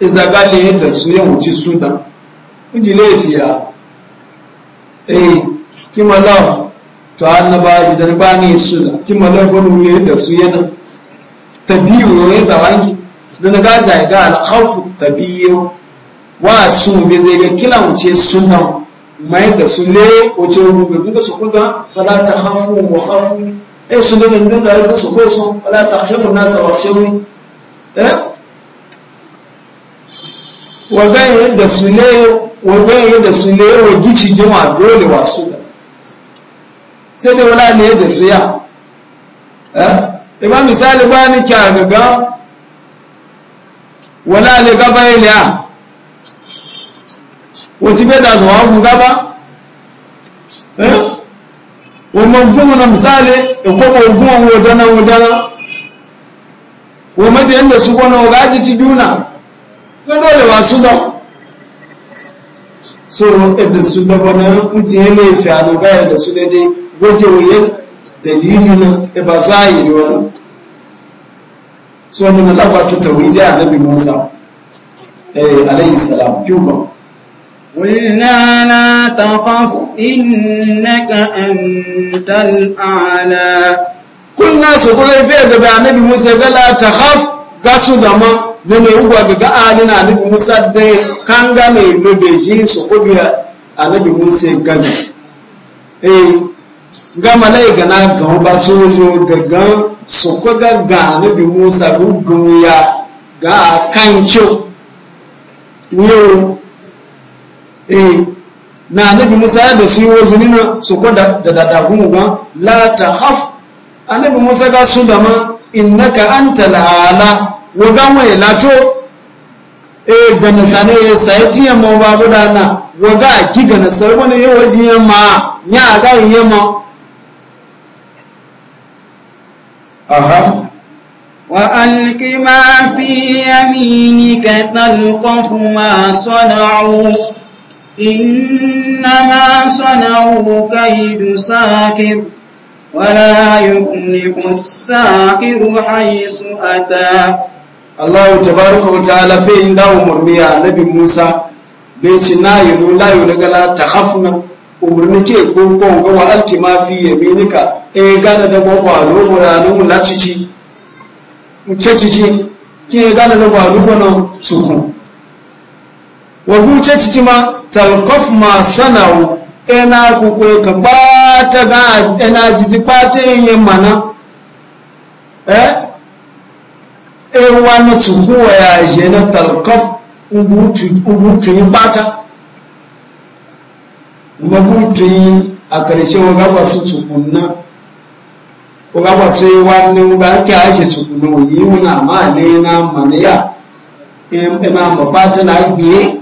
izagale da su ya wuce suna kuji laifiya eh kima lawa to annaba idan ba ni suna kima lawa ba mu yi da su yana tabiyu ya zawanki don ga jai ga alkhawfu tabiyu wa su be zai ga kila wuce suna mai da su le wuce rubu da su kuga fala ta hafu wa hafu eh su da gangan da aka su ko su wala takhshafu nasa wa khshawni eh wa ga yadda su ne wa ga yadda wa dole wa su sai da wala ne da su ya eh? Iba misali ba ni kya gaga wala gaba ile a wọ́n ti bẹ́ẹ̀ dà gaba wamanguna misali ikoba uguma wodana wodana wamadi yanda su gona waga aji ci duna don dole ba su da so yadda su da bana kuji ya laifi a nuga yadda su daidai gwaje wuyan dalili na e ba za a yi wani so nuna lafa tuta wuyi a nabi musa eh, alayhi salam cuba قلنا لا تخف إنك أنت الأعلى قلنا سقول في أدب النبي موسى لا تخف قصد ما nene ugwa gaga alina annabi musa dai ga mai lobe shi su kubiya annabi musa gami eh na ga ba gaga su kuga ga a musa rugun ya ga kan Eh, na anabi musa ya da su yi wasu nina su kwa da dadagun mu la ta haf anabi musa ga su da ma innaka anta la'ala wa gan waye lato e da nasane ya sai tiyan mu ba guda na wa ga ki ga nasar wani ya waji yamma ya ga yamma aha وألق ما في يمينك تلقف ما صنعوا إنما صنعوا كيد ساكر ولا يفلح الساكر حيث أتى الله تبارك وتعالى في إنه مرمي نبي موسى بيت نايل لا يلقى تخفنا umarni ke gungun gawa alki mafi ya minika e gana da gwagwalo muranu na cici ce cici ke gana da gwagwalo na sukun wahuce cici ma talkof ma sana'u ena kukwe ka bata ga ena jiji bata yin mana eh ewa na tukuwa ya je na talkof ubutu yin bata mabutu yin a karshe waga ba su tukunna waga ba su yi wani waga ake aje tukunna yi wuna ma ne na mana ya ema mabata na biye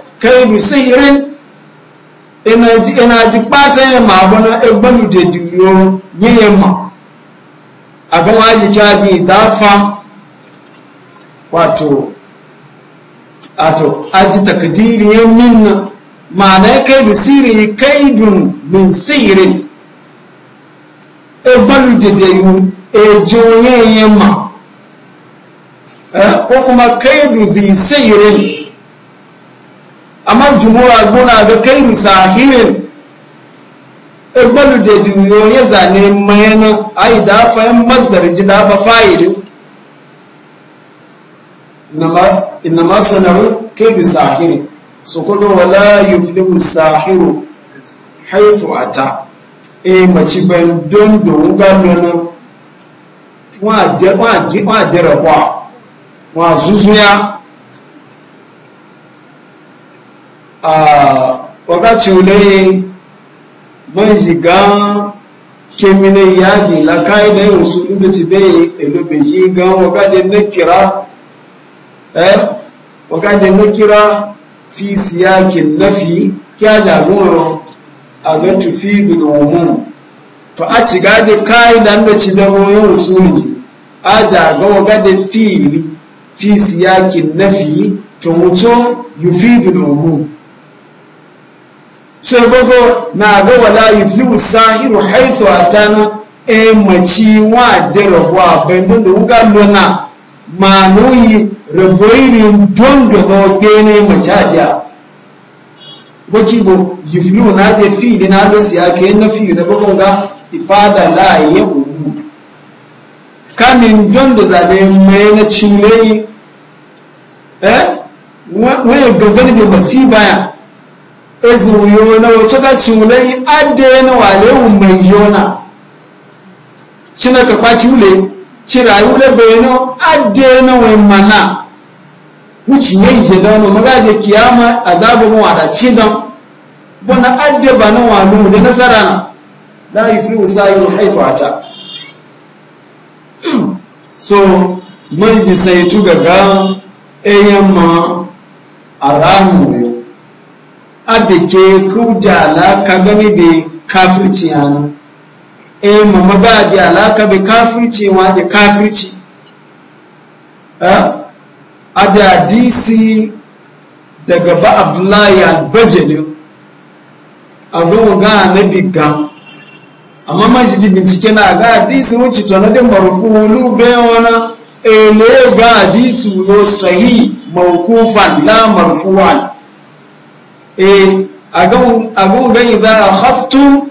kaidu sihirin ina ji kpata ya ma abana egbanu da duniyo yiye ma akan waje kyaji dafa wato ato aji takdiri ya minna ma'ana ya kaidu siri kaidun min sihirin egbanu da duniyo ejo yiye ma eh, ko kuma kaidu zi sihirin amma jumura guna ga kai misahirin igbalu da duniyo ya zane mayana ai da fayan masdar ji da ba fa'ili inna ma sanaru kai misahirin su kudu wala fi misahiru haifu ta e mace ban don domin gano na wọn àdẹrẹ pa wọn zuzuya. wakati ule mun shiga kemine yaji la kai da yin su inda ci bai ilo bai shi ga wakati e, na kira eh wakati na kira fi siyakin nafi kya jagoro a ga tufi bin umum to a ci gade kai da inda ci da yin su ne a jagoro ga da fi fi siyakin nafi to mutum yufidul umum sai gogo na ga wala yuflihu sahiru haythu atana e machi wa dero wa bendo do ga lona ma noyi reboiri ndondo no gene machaja goki bo yuflihu na je fi dina do ke na fi na gogo ga ifada la yabu kamin dondo zabe mai na chulei eh wa ga gani be masiba ya ezuyo na wato ka yi adde na wale umman yona cina ka kwaci ule ci beno ade na wai mana wuci yayi je da magaje kiyama azabu mu wada ci don, bona adde ba na wanu da nasara na la yi sa'iru haythu ata so manji sai tuga ga eyamma aramu abike da alaka gani be kafirci yana eh mama ba di alaka be kafirci wa je kafirci a da dc daga ba abdullahi albajali a ga anabi gam amma man shi bincike na ga hadisi wuce to na din marufu wulu bayan wani ele eh, ga hadisi lo sahi mawkufan la marfu'an eh agun gani za a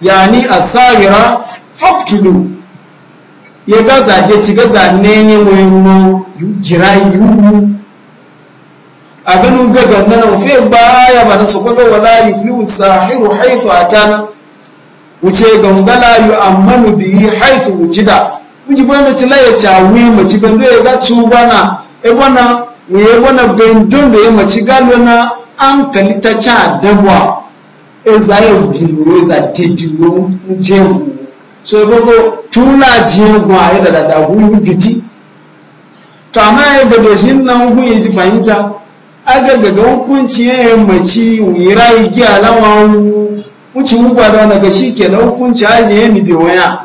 ya ni a tsarira haftulu ya gaza da ci gaza ne ne wani gira yiwu a ganin gagan nan fiye baya ba na su kwaga wala yi filiwu sahiru haifu a tana wuce gangala yi ammanu biyi haifu wujida kuji bana ci laye cawi maci gando ya ga cubana e bana ne ya bana gandun da ya maci galo na an kalita cha dabwa eza ye buhiluro eza tetiwo njengu so e bogo tula e a yi e da da huyu gidi to amma ya ga shi nan hu ya ji fahimta aga daga hukunci ya yi maci wira yi gi alawa wuce hukwa da wani ga shi ke na hukunci aji ya mi bewaya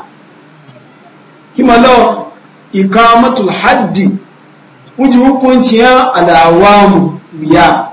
kima lo ikamatul haddi wuce hukunci ya mu ya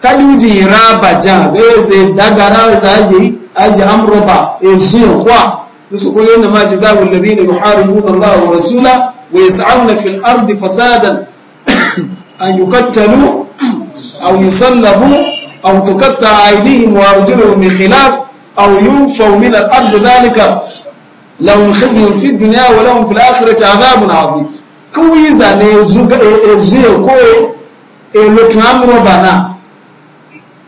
kaduji raba jan beze dagara zaji aji amroba ezio kwa nusukuli inna ma jizabu alladhina yuharibuna Allah wa rasula wa yas'aluna fil ardi fasadan an yuqtalu aw yusallabu aw tuqatta aydihim wa arjuluhum min khilaf aw yunfaw min al ard dhalika lahum khizyun fid dunya wa lahum fil akhirati adhabun adhim kuiza ne zuga ezio ko e lutu e, amroba na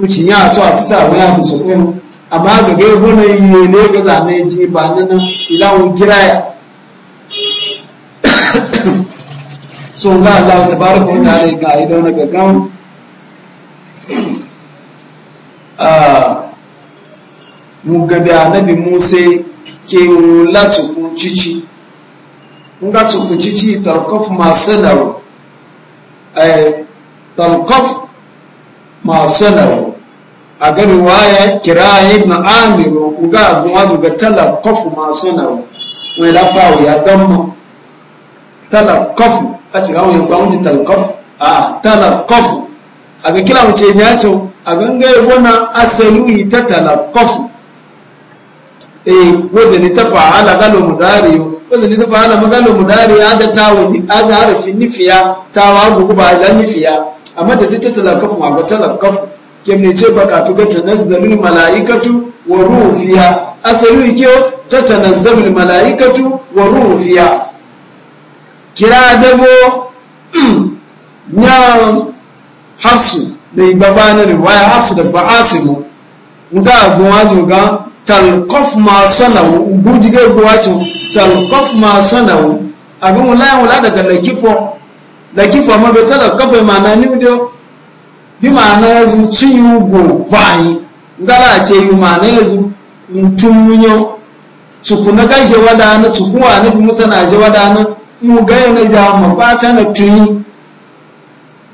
kuci ya to a tita mu ya musu kuma amma ga gai gona yi ne ga zane ji ba nan ilawun giraya so ga Allah tabaraka wa ta'ala ga ido na gaggawa a ah, mu ga da nabi Musa ke wula tukun cici nga tukun cici tarkof masu naro ay eh, tarkof masu naro a ga riwaya kira ibn amir uga abuwa ga talab kofu masu na wani lafawa ya damma talab kofu a shiga wani kwanci talab kofu a talab kofu a ga kila mace ya ce a gangaye wana asali ta talab kofu eh wazani ta fa'ala galo mudariyo wazani ta fa'ala magalo mudariyo ada tawo ada harafin nifiya tawa gugu ba la nifiya amma da ta talab kofu ma ga talab kofu kemne ce baka ka tanazzalul mala'ikatu wa ruhu fiha asali ke ta tanazzalul mala'ikatu wa ruhu fiha kira dabo nya hafsu da na riwaya hafsu da ba'asimu nga gwajo ga talqaf ma sanawu ubudige gwajo talqaf ma sanawu abin wala wala daga lakifo lakifo ma be talqaf ma na ni bi ma'ana yanzu tun yi ugo bayi ngala ce yi ma'ana yanzu tunyo tuku na gaje wadana na wa na bi musa na je wadana mu ga na ja ma bata na tunyi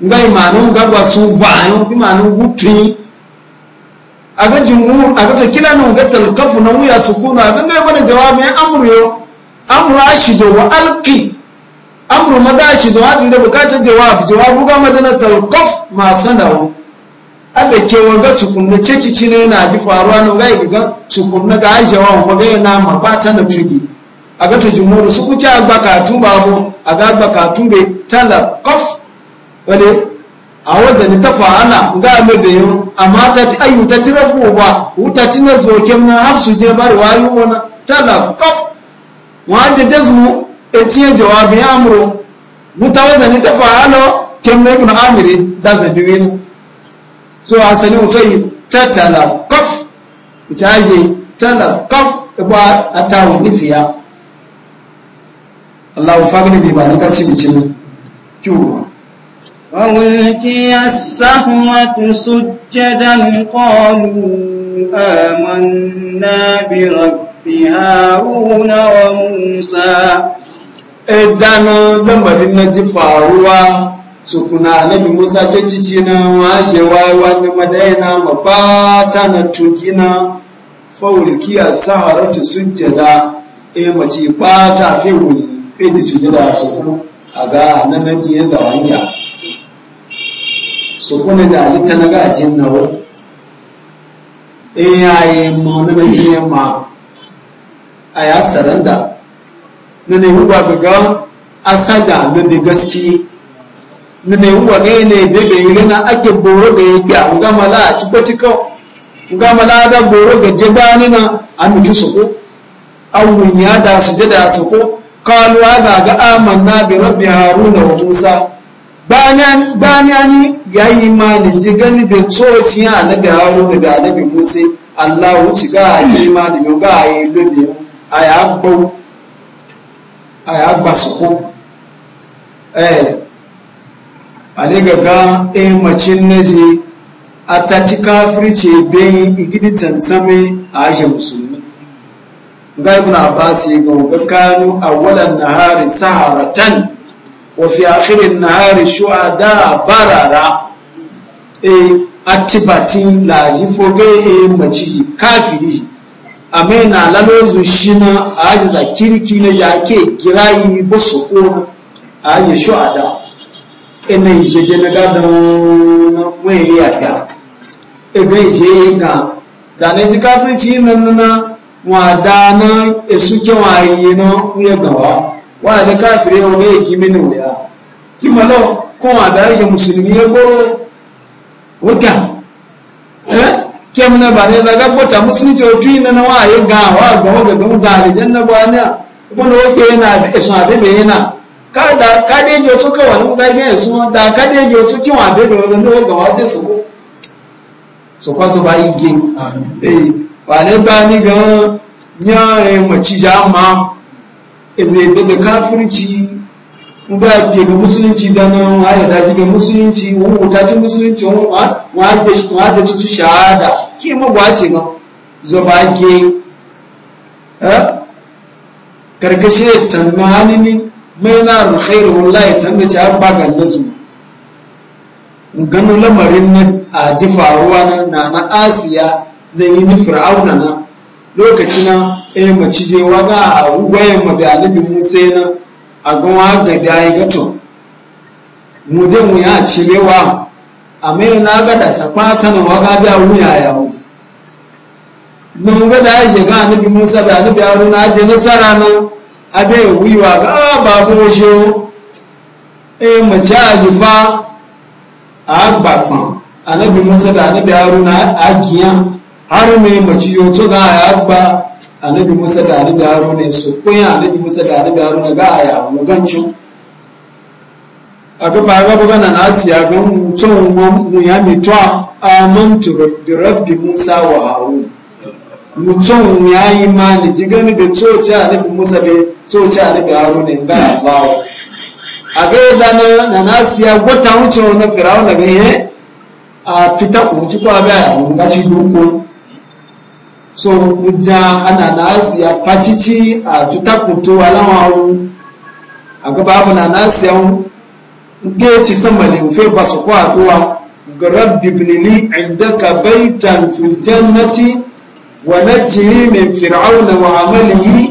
ngai ma'ana ga gwa su bi ma'ana gu tunyi aga jumhur aga ta kila nan ga talqafu na wuya kuna aga ngai wani jawabi amuriyo amuriyo shi ashido wa alki amru maza shi jawabi da bukatar jawabi jawabu ga madana talqaf ma sanawo abe ke wanga tukunna ce cici ne na ji faruwa no ga ga tukunna ga jawabu ko ga na ma ba ta da tugi aga to jumuru su kuce agba ka tumba bo aga agba ka tumbe talqaf wale a ta tafa'ala ga me da yau amma ta ti ayu ta ti rafu ba uta ti na zoken na hafsu je bari wayu wana talqaf wa da jazmu etiye jawabin amro mutawazza ni tafa'alo kemna ibn amiri dasa biwinu so asali wuce tatala kaf kof tatala kaf ba atawu nifiya Allah fagni bi ba ni kaci bicin kyuwa وألقي السحرة amanna bi rabbi برب wa Musa. dana lamarin na ji faruwa tukuna nabi musa ce cici na washe wayewa na madaina mabata na tugina fawulkiya saharatu sujjada e mace bata fi wuli fi di sujjada su kuma a ga nan na jiye zawanya su kuma da halitta na gajin nawa e yayi ma na ma a ya saranda na ne huwa gaga asaja na da gaske na ne huwa ga ne da bai yi na ake boro ga yi biya ga mala a ci batika ga mala da boro ga jibani na an mutu su ko awun ya da su je da su ko kalu ga ga amanna bi rabbi haruna wa musa banani ya yi ma imani ji gani bai tsoci ya annabi haruna da annabi musa allahu ci ga a ji imani ga a yi lobe a yi agbau aya ko eh ale gaga e eh, macin neji kafiri ce bayin igidi tsantsame a ashe musulmi ga ibn abbas ya ga kanu awwalan nahari saharatan wa fi akhirin nahari shuhada barara e eh, atibati la ga e eh, maci kafiri amma na lalozu shi na a aji za kirki na ya girayi ba su ko a aji shu a da ina yi je na gadon ga ega yi je yi na zane ji kafirci nan na wada na esu ke na gawa wada kafirai wuya musulmi ya goro eh kem na ba ne zaga bota musulunci o tuyi na nawa ya ga wa ga wa ga da alijan na ba ne kuma na wake yana da isu a bebe yana ka da ka da yake wato kawai mu ga yin su da kada da yake wato kin wa bebe wa da ga wa sai su ko so kwa so ba yi ge eh ba ne ba ni ga nya e maci jama eze da kafirci ba ke ga musulunci da nan ya daji ga musulunci wani mutacin musulunci wani wadda cikin shahada kí ma wace ba, ma zuba ke karkashe tanna mai na alkhairu wallahi tanna an ba nazu gano lamarin na a ji faruwa na na asiya na yi ni fir'auna na lokaci na eh je waga a gwayen mabi'alibi musa na a gawa ga dayi gato mu dai mu ya cirewa amai na ga da sakwata na waga biya wuya yawo mun ga da shiga annabi Musa da annabi Haruna da nasara nan abe wiwa ga babu sho e majaji fa agba kan annabi Musa da annabi Haruna agiya har me mace yi to ga agba annabi Musa da annabi Haruna so koyan annabi Musa da annabi na ga ya mu e gancu akapaaga bogana nasiaga muto muyamitwa amantu rabbi musa wa harun mutum ya yi imani jigani da coci annabi musa bai coci annabi harun in ba bawo a ga yadda na nasiya gwata wuce na firawun daga ihe a fita kuci ko abin a hungaci dukko so mujja ana nasiya pacici a tutakutu alawa a ga babu na nasiya geci sama limfe ba su kwatuwa ga rabbi ibnili indaka baitan fil jannati wa najini min fir'auna wa amalihi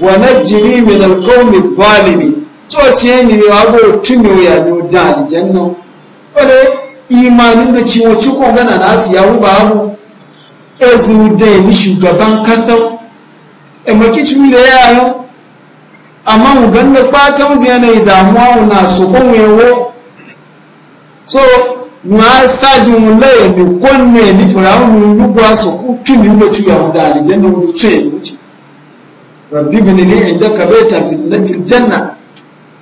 wa najini min alqawmi zalimi to ce ni ne wago tunyo ya no da aljanna imanin da ciwo cikon gana na asiya wu ba abu ezu da ni shugaban kasar e makici ne ya yau amma mu ganna fata mu yana yi damuwa mu na su kun wewo so ma saji mu laye bi konne ni firawo mu lugwa su ku ni mu ci ya da aljanna mu ce mu ci rabbi bin ni inda ka baita fil janna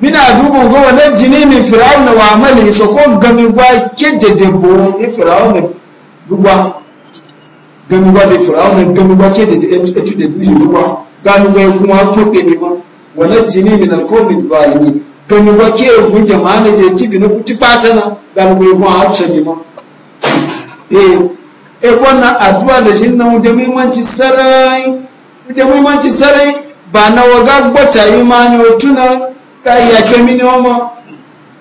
bina duba go wala jini ni firawo na wa amali so ko gami ba ke dede bo ni firawo ne lugwa gami ba ni firawo ne gami ba ke dede etu dede lugwa gami ba kuma ko ke ni ba wannan jini min alkomin zalimi kan yi wake mu jama'a na je tibi na kuti patana ga mu yi kuma hacce ne ma eh eh wannan addu'a da shi nan da muhimmanci sarai da muhimmanci sarai ba na waga gbata yi ma ne tuna ka iya ke mini omo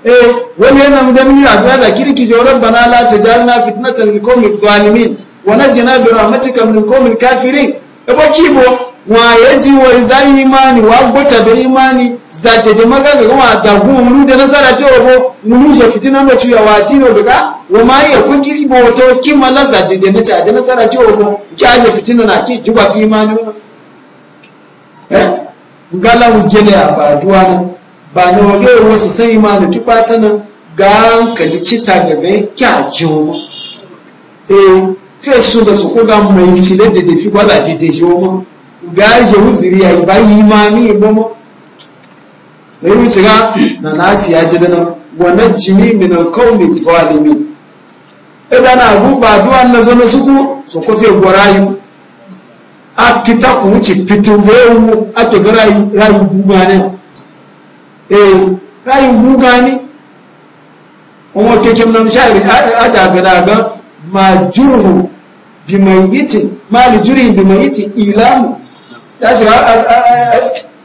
eh wani yana da mini addu'a da kirki je rabbana la tajalna fitnatan liqawmi zalimin wa najina bi rahmatika min qawmil kafirin e ba kibo wa yaji wa za imani wa gota da imani za ta da magana wa ta gu mulu da nasara ta wa ko mulu je fitina ba ciya wa tino daga wa ma ya ku kiri ba wato kin mala za ta da nata da nasara ta wa ki aje fitina na ki duba fi imani eh gala mu gele a ba duwa nan ba na wage wasu sai imani tubata nan ga hankali da daga ki a jiwo eh fesu da su ko mai cile da dafi gwada dide jiwo gaje wuziri ya ba yi imani ba mu sai mu ciga na nasi ya ji dana wane najjini min alqawmi zalimin idan e abu ba duwan na zo na suku su kofe gorayu a kita ku wuce fitin da yau ake ga rayu guga ne eh rayu guga ne kuma keke mun sha'iri a ta ga daga majruhu bimayitin mali juri bimayitin ilamu ya ce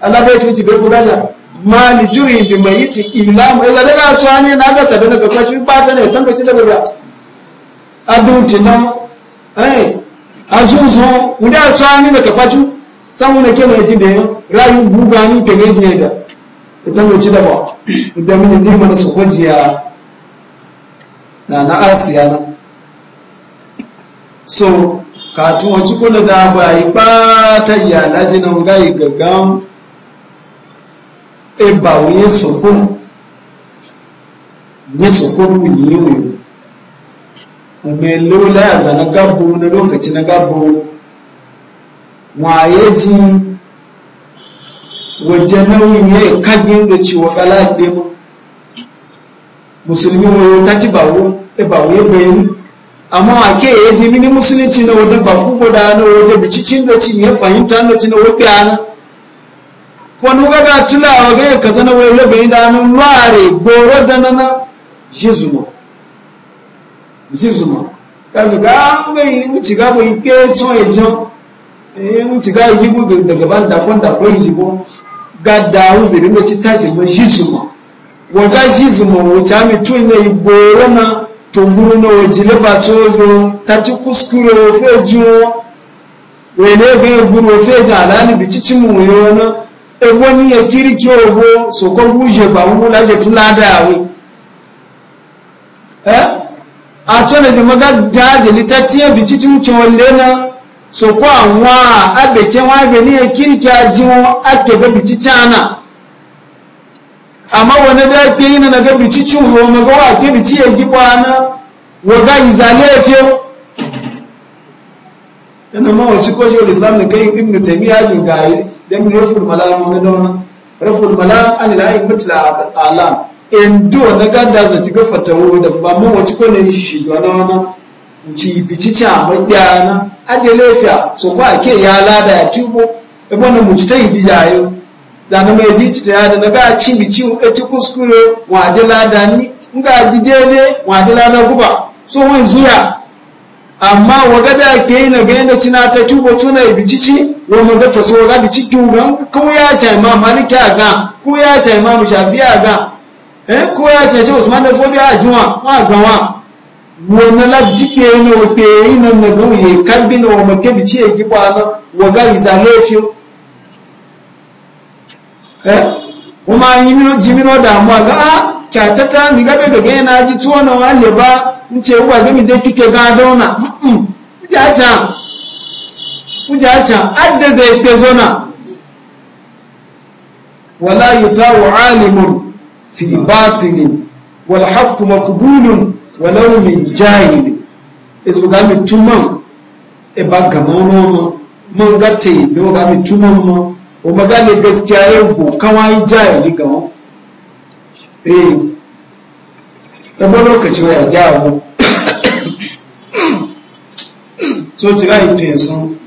alabai ci bai fi gaja ma ni juri bi mai yiti illa mai zane na tuwa ne na gasa da kwaci ba ta ne tambaci da gaba adulti nan ai azuzo a tuwa kwaci san wani ke mai ji da rayu guga ni da ne da tambaci da ba da mini ne da su kwajiya na na asiya so katun wacce kula da ba yi ba ta iyala jinan gayi gaggan e ba wuye sukun ni sukun wuyi wuyi mai lula ya zana gabu na lokaci na gabu waye ji wajen nauyin ya yi kagin da ciwo kala ɗaya musulmi wayo ta ci ba wuye bayan amma a ke ya ji mini musulunci na wadda ba ku guda na wadda bicicin da ci ya fahimta na ci na wadda ana ko nu ga tula a ga ka zana wai lobe da nan mare goro da na jizuma jizuma ka ga ga yi mu ga e mu ke to e jo eh mu ga yi bu da gaban da kon da ko yi bu ga da uzuri mu ci ta ji mu jizuma wata jizuma wata mi ne goro na tunguru na wajile batojo tati kuskure ofejuwo wene ga eguru ofeji alani bichichi muyona egwani ya kiriki obo soko guje ba wula je tulada awe eh atone je maga jaje litati ya bichichi mcholena soko anwa abeke wa be ni kiriki ajiwo akebe bichichana amma wani da ke yi na ga bici cuho maga wa ke bici ya wa ga yi zane ya fiyo yana ma wace ko shi islam da kai ibn taymiya ya ga yi don yi rufin malam wani dauna rufin malam an yi la ibtil alam in ji wani ganda za ci gafa ta wuri da ba mu wace ko ne shi da na wana ci bici cha madiya na adelefiya so ko ake ya lada ya tubo ibn e mujtahid jayo zana mai zici ta da na ga ci bici e ci kuskure wa de lada ni nga ji wa de lada guba so wai zuya amma waga da ke na ga ta tubo tuna ya bici ci wa ta so ga bici tuga ko ya ce ma maliki a ga ko ya ce ma mushafi a ga eh ko ya ce ce usman da fobi a juwa ma ga wa wani labji ke na na na wa Eh? kuma yi mino jimino damuwa ga a ah, kyatata mi gabe ga gaina ji tuwo na wale ba in ce wa gami dai kike ga dauna mujaca mujaca adda zai fi zona wala ta wa alimun fi batini haku haqqu maqbulun walau min jahil izu ga mi tuman e ba ga mono mo gatte be ga mi tuman o magale gaskiya yau ko kawai jahili ga mu eh da ba lokaci ya ga mu so ti rai tun sun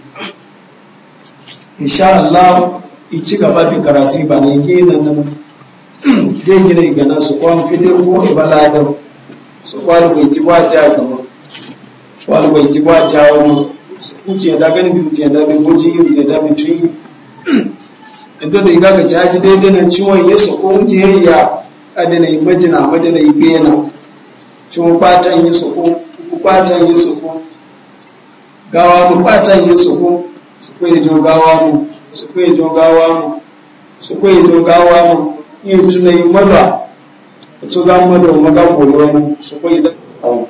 insha Allah ci gaba da karatu ba ne ke nan nan dai gina igana su kwan fitar ko ibala e da su kwan ko ji ba ta ga mu kwan ko ji ba ta mu su kuce da ganin bi da bi da da bi tun inda da iga caji daidai na ciwon ya sako ke ya adana yi imajina madana bena. ciwon kwatan fatan ya sako fatan ya sako gawa mu fatan ya sako su kwaye dogawa mu su kwaye dogawa mu su kwaye dogawa mu iya tunayi mada a su ga mada wa maga kolon su kwaye da kawo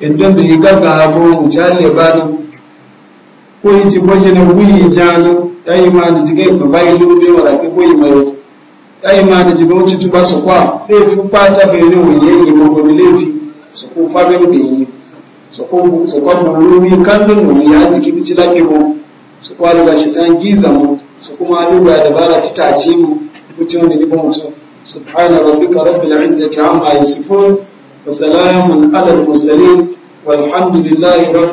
inda da iga ga abu mu jale ba nan ko yi ci gwaji na wuyi jana ya yi ma ci jigai ba bayi lobe wa rafi ko yi mayo ya yi ma ci jigai wuce tuba su kwa laifin fata bai ne wani yi ma wani laifi su ko fagen bai yi su ko su kwa bulumi kallon wani ya ziki bici lafi mu su kwa daga shi ta giza mu su kuma lura da bara ta tace mu wuce wani liban mutum subhana rabbika rabbil izzati amma yasifun ko salamun ala al mursalin والحمد لله رب